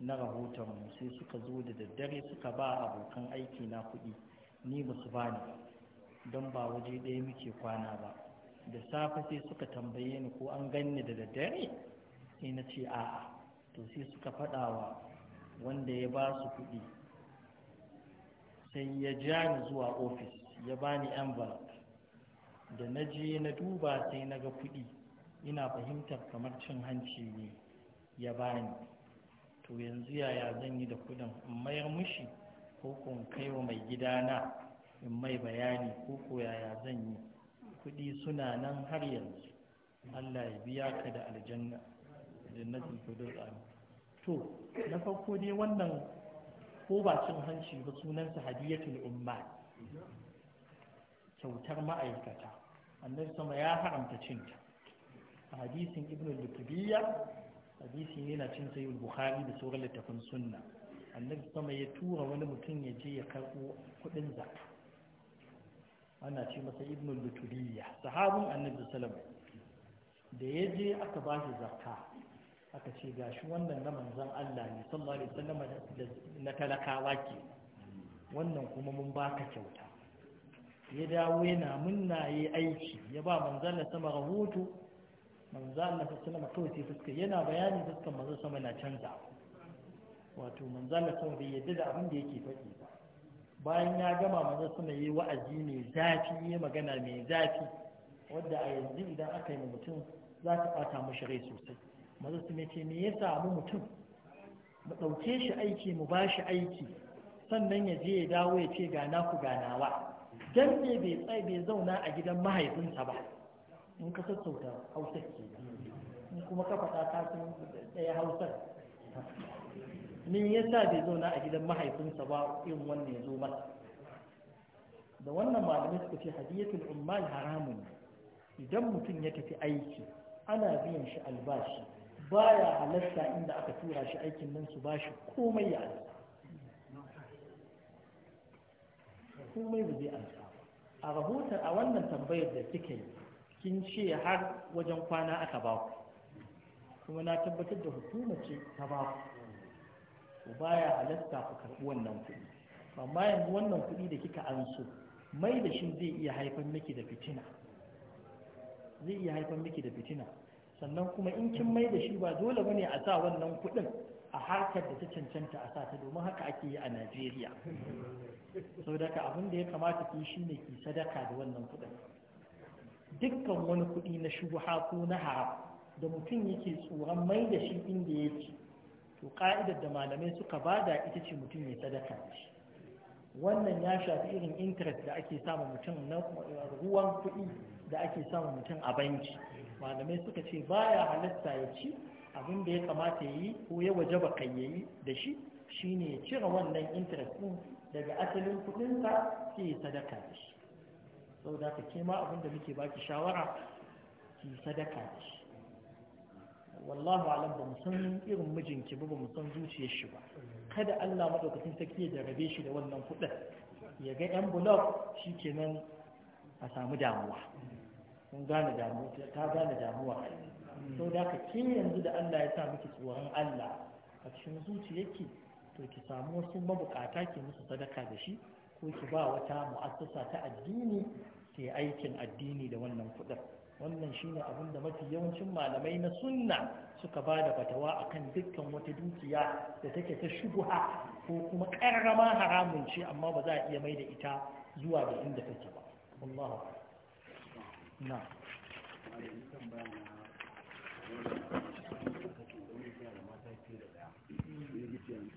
na rahoton mu sai suka zo da daddare suka ba abokan aiki na kuɗi ni ba su bani don ba waje ɗaya muke kwana ba da safe sai suka tambaye ni ko an ganni da daddare sai na ce a'a to sai suka faɗa wa wanda ya ba su kuɗi sai ya ja ni zuwa ofis ya bani envelope da na je na duba sai na ga kuɗi ina fahimtar kamar cin hanci ne ya bani to yanzu yaya zan yi da kudin in mayar mushi ko kun kai wa mai na, in mai bayani ko ko yaya zan yi kudi suna nan har yanzu Allah ya biya ka da aljanna jannatul firdaus amin to na farko dai wannan ko ba cin hanci ba sunan sa hadiyatul umma kyautar ma'aikata annabi sama ya haramta cinta a hadisin ibn al-lutubiyya hadisin yana cin sayyid bukhari da sauran littafin sunna annabi sama ya tura wani mutum ya je ya karbo kuɗin zakka ana ce masa ibn al-lutubiyya sahabin annabi sallallahu alaihi da ya je aka ba shi zakka aka ce gashi wannan na manzon Allah ne sallallahu alaihi wasallam na talakawa ke wannan kuma mun baka kyauta ya dawo yana munna aiki ya ba manzon Allah sama rahoto manzo Allah sallallahu kawai sai fuska yana bayani fuskan manzo sama na canza wato manzo Allah sama bai yadda da abin da yake faɗi ba bayan ya gama manzo sama yayi wa'azi mai zafi yayi magana mai zafi wadda a yanzu idan aka yi mutum za ta bata mashi rai sosai manzo sama ce me ya samu mutum mu ɗauke shi aiki mu ba shi aiki sannan ya je ya dawo ya ce gana ku ganawa dan ne bai tsaye bai zauna a gidan mahaifinsa ba in ka sassauta hausar ke in kuma ka faɗa ta sun ɗaya hausar min ya sa bai zauna a gidan mahaifinsa ba in wannan ya zo masa da wannan malamai suka ce hadiyatul ummal haramun idan mutum ya tafi aiki ana biyan shi albashi baya halarta inda aka tura shi aikin nan su bashi komai ya alfa komai ba zai a rahoton a wannan tambayar da kika yi kin ce har wajen kwana aka ba kuma na tabbatar da hukuma ce ta ba ku ku baya halatta ku karɓi wannan kuɗi amma yanzu wannan kuɗi da kika anso mai da shi zai iya haifar miki da fitina zai iya haifar miki da fitina sannan kuma in kin mai da shi ba dole bane a sa wannan kuɗin a harkar da ta cancanta a sa ta domin haka ake yi a Najeriya sau daga abin da ya kamata ki ne ki sadaka da wannan kuɗin dukkan wani kuɗi na shubha ko na haram da mutum yake tsoron mai da shi inda ya yake to ka'idar da malamai suka bada ita ce mutum ya sadaka da shi wannan ya shafi irin interest da ake samu mutum na ruwan kuɗi da ake samu mutum a banki malamai suka ce baya halatta ya ci abin da ya kamata ya yi ko ya wajaba ba kan ya yi da shi shine ya cire wannan interest ɗin daga asalin kuɗinsa sai ya sadaka da shi da, ka ke ma abin da muke baki shawara ki sadaka da shi wallahu alam ba mu san irin mijinki ba ba mu san zuciyar shi ba kada Allah madaukakin sarki ya rabe shi da wannan kuɗin ya ga yan bulog shi kenan a samu damuwa kun gane damuwa ta gane damuwa sau da ka ke yanzu da Allah ya sa miki tsoron Allah a cikin zuciyarki to ki samu wasu mabukata ki musu sadaka da shi ko ki ba wata mu'assasa ta addini ke aikin addini da wannan kuɗin wannan shine abin da mafi yawancin malamai na sunna suka ba da fatawa akan dukkan wata dukiya da take ta shubuha ko kuma ƙarrama haramun ce amma ba za a iya mai da ita zuwa da inda take ba Allah na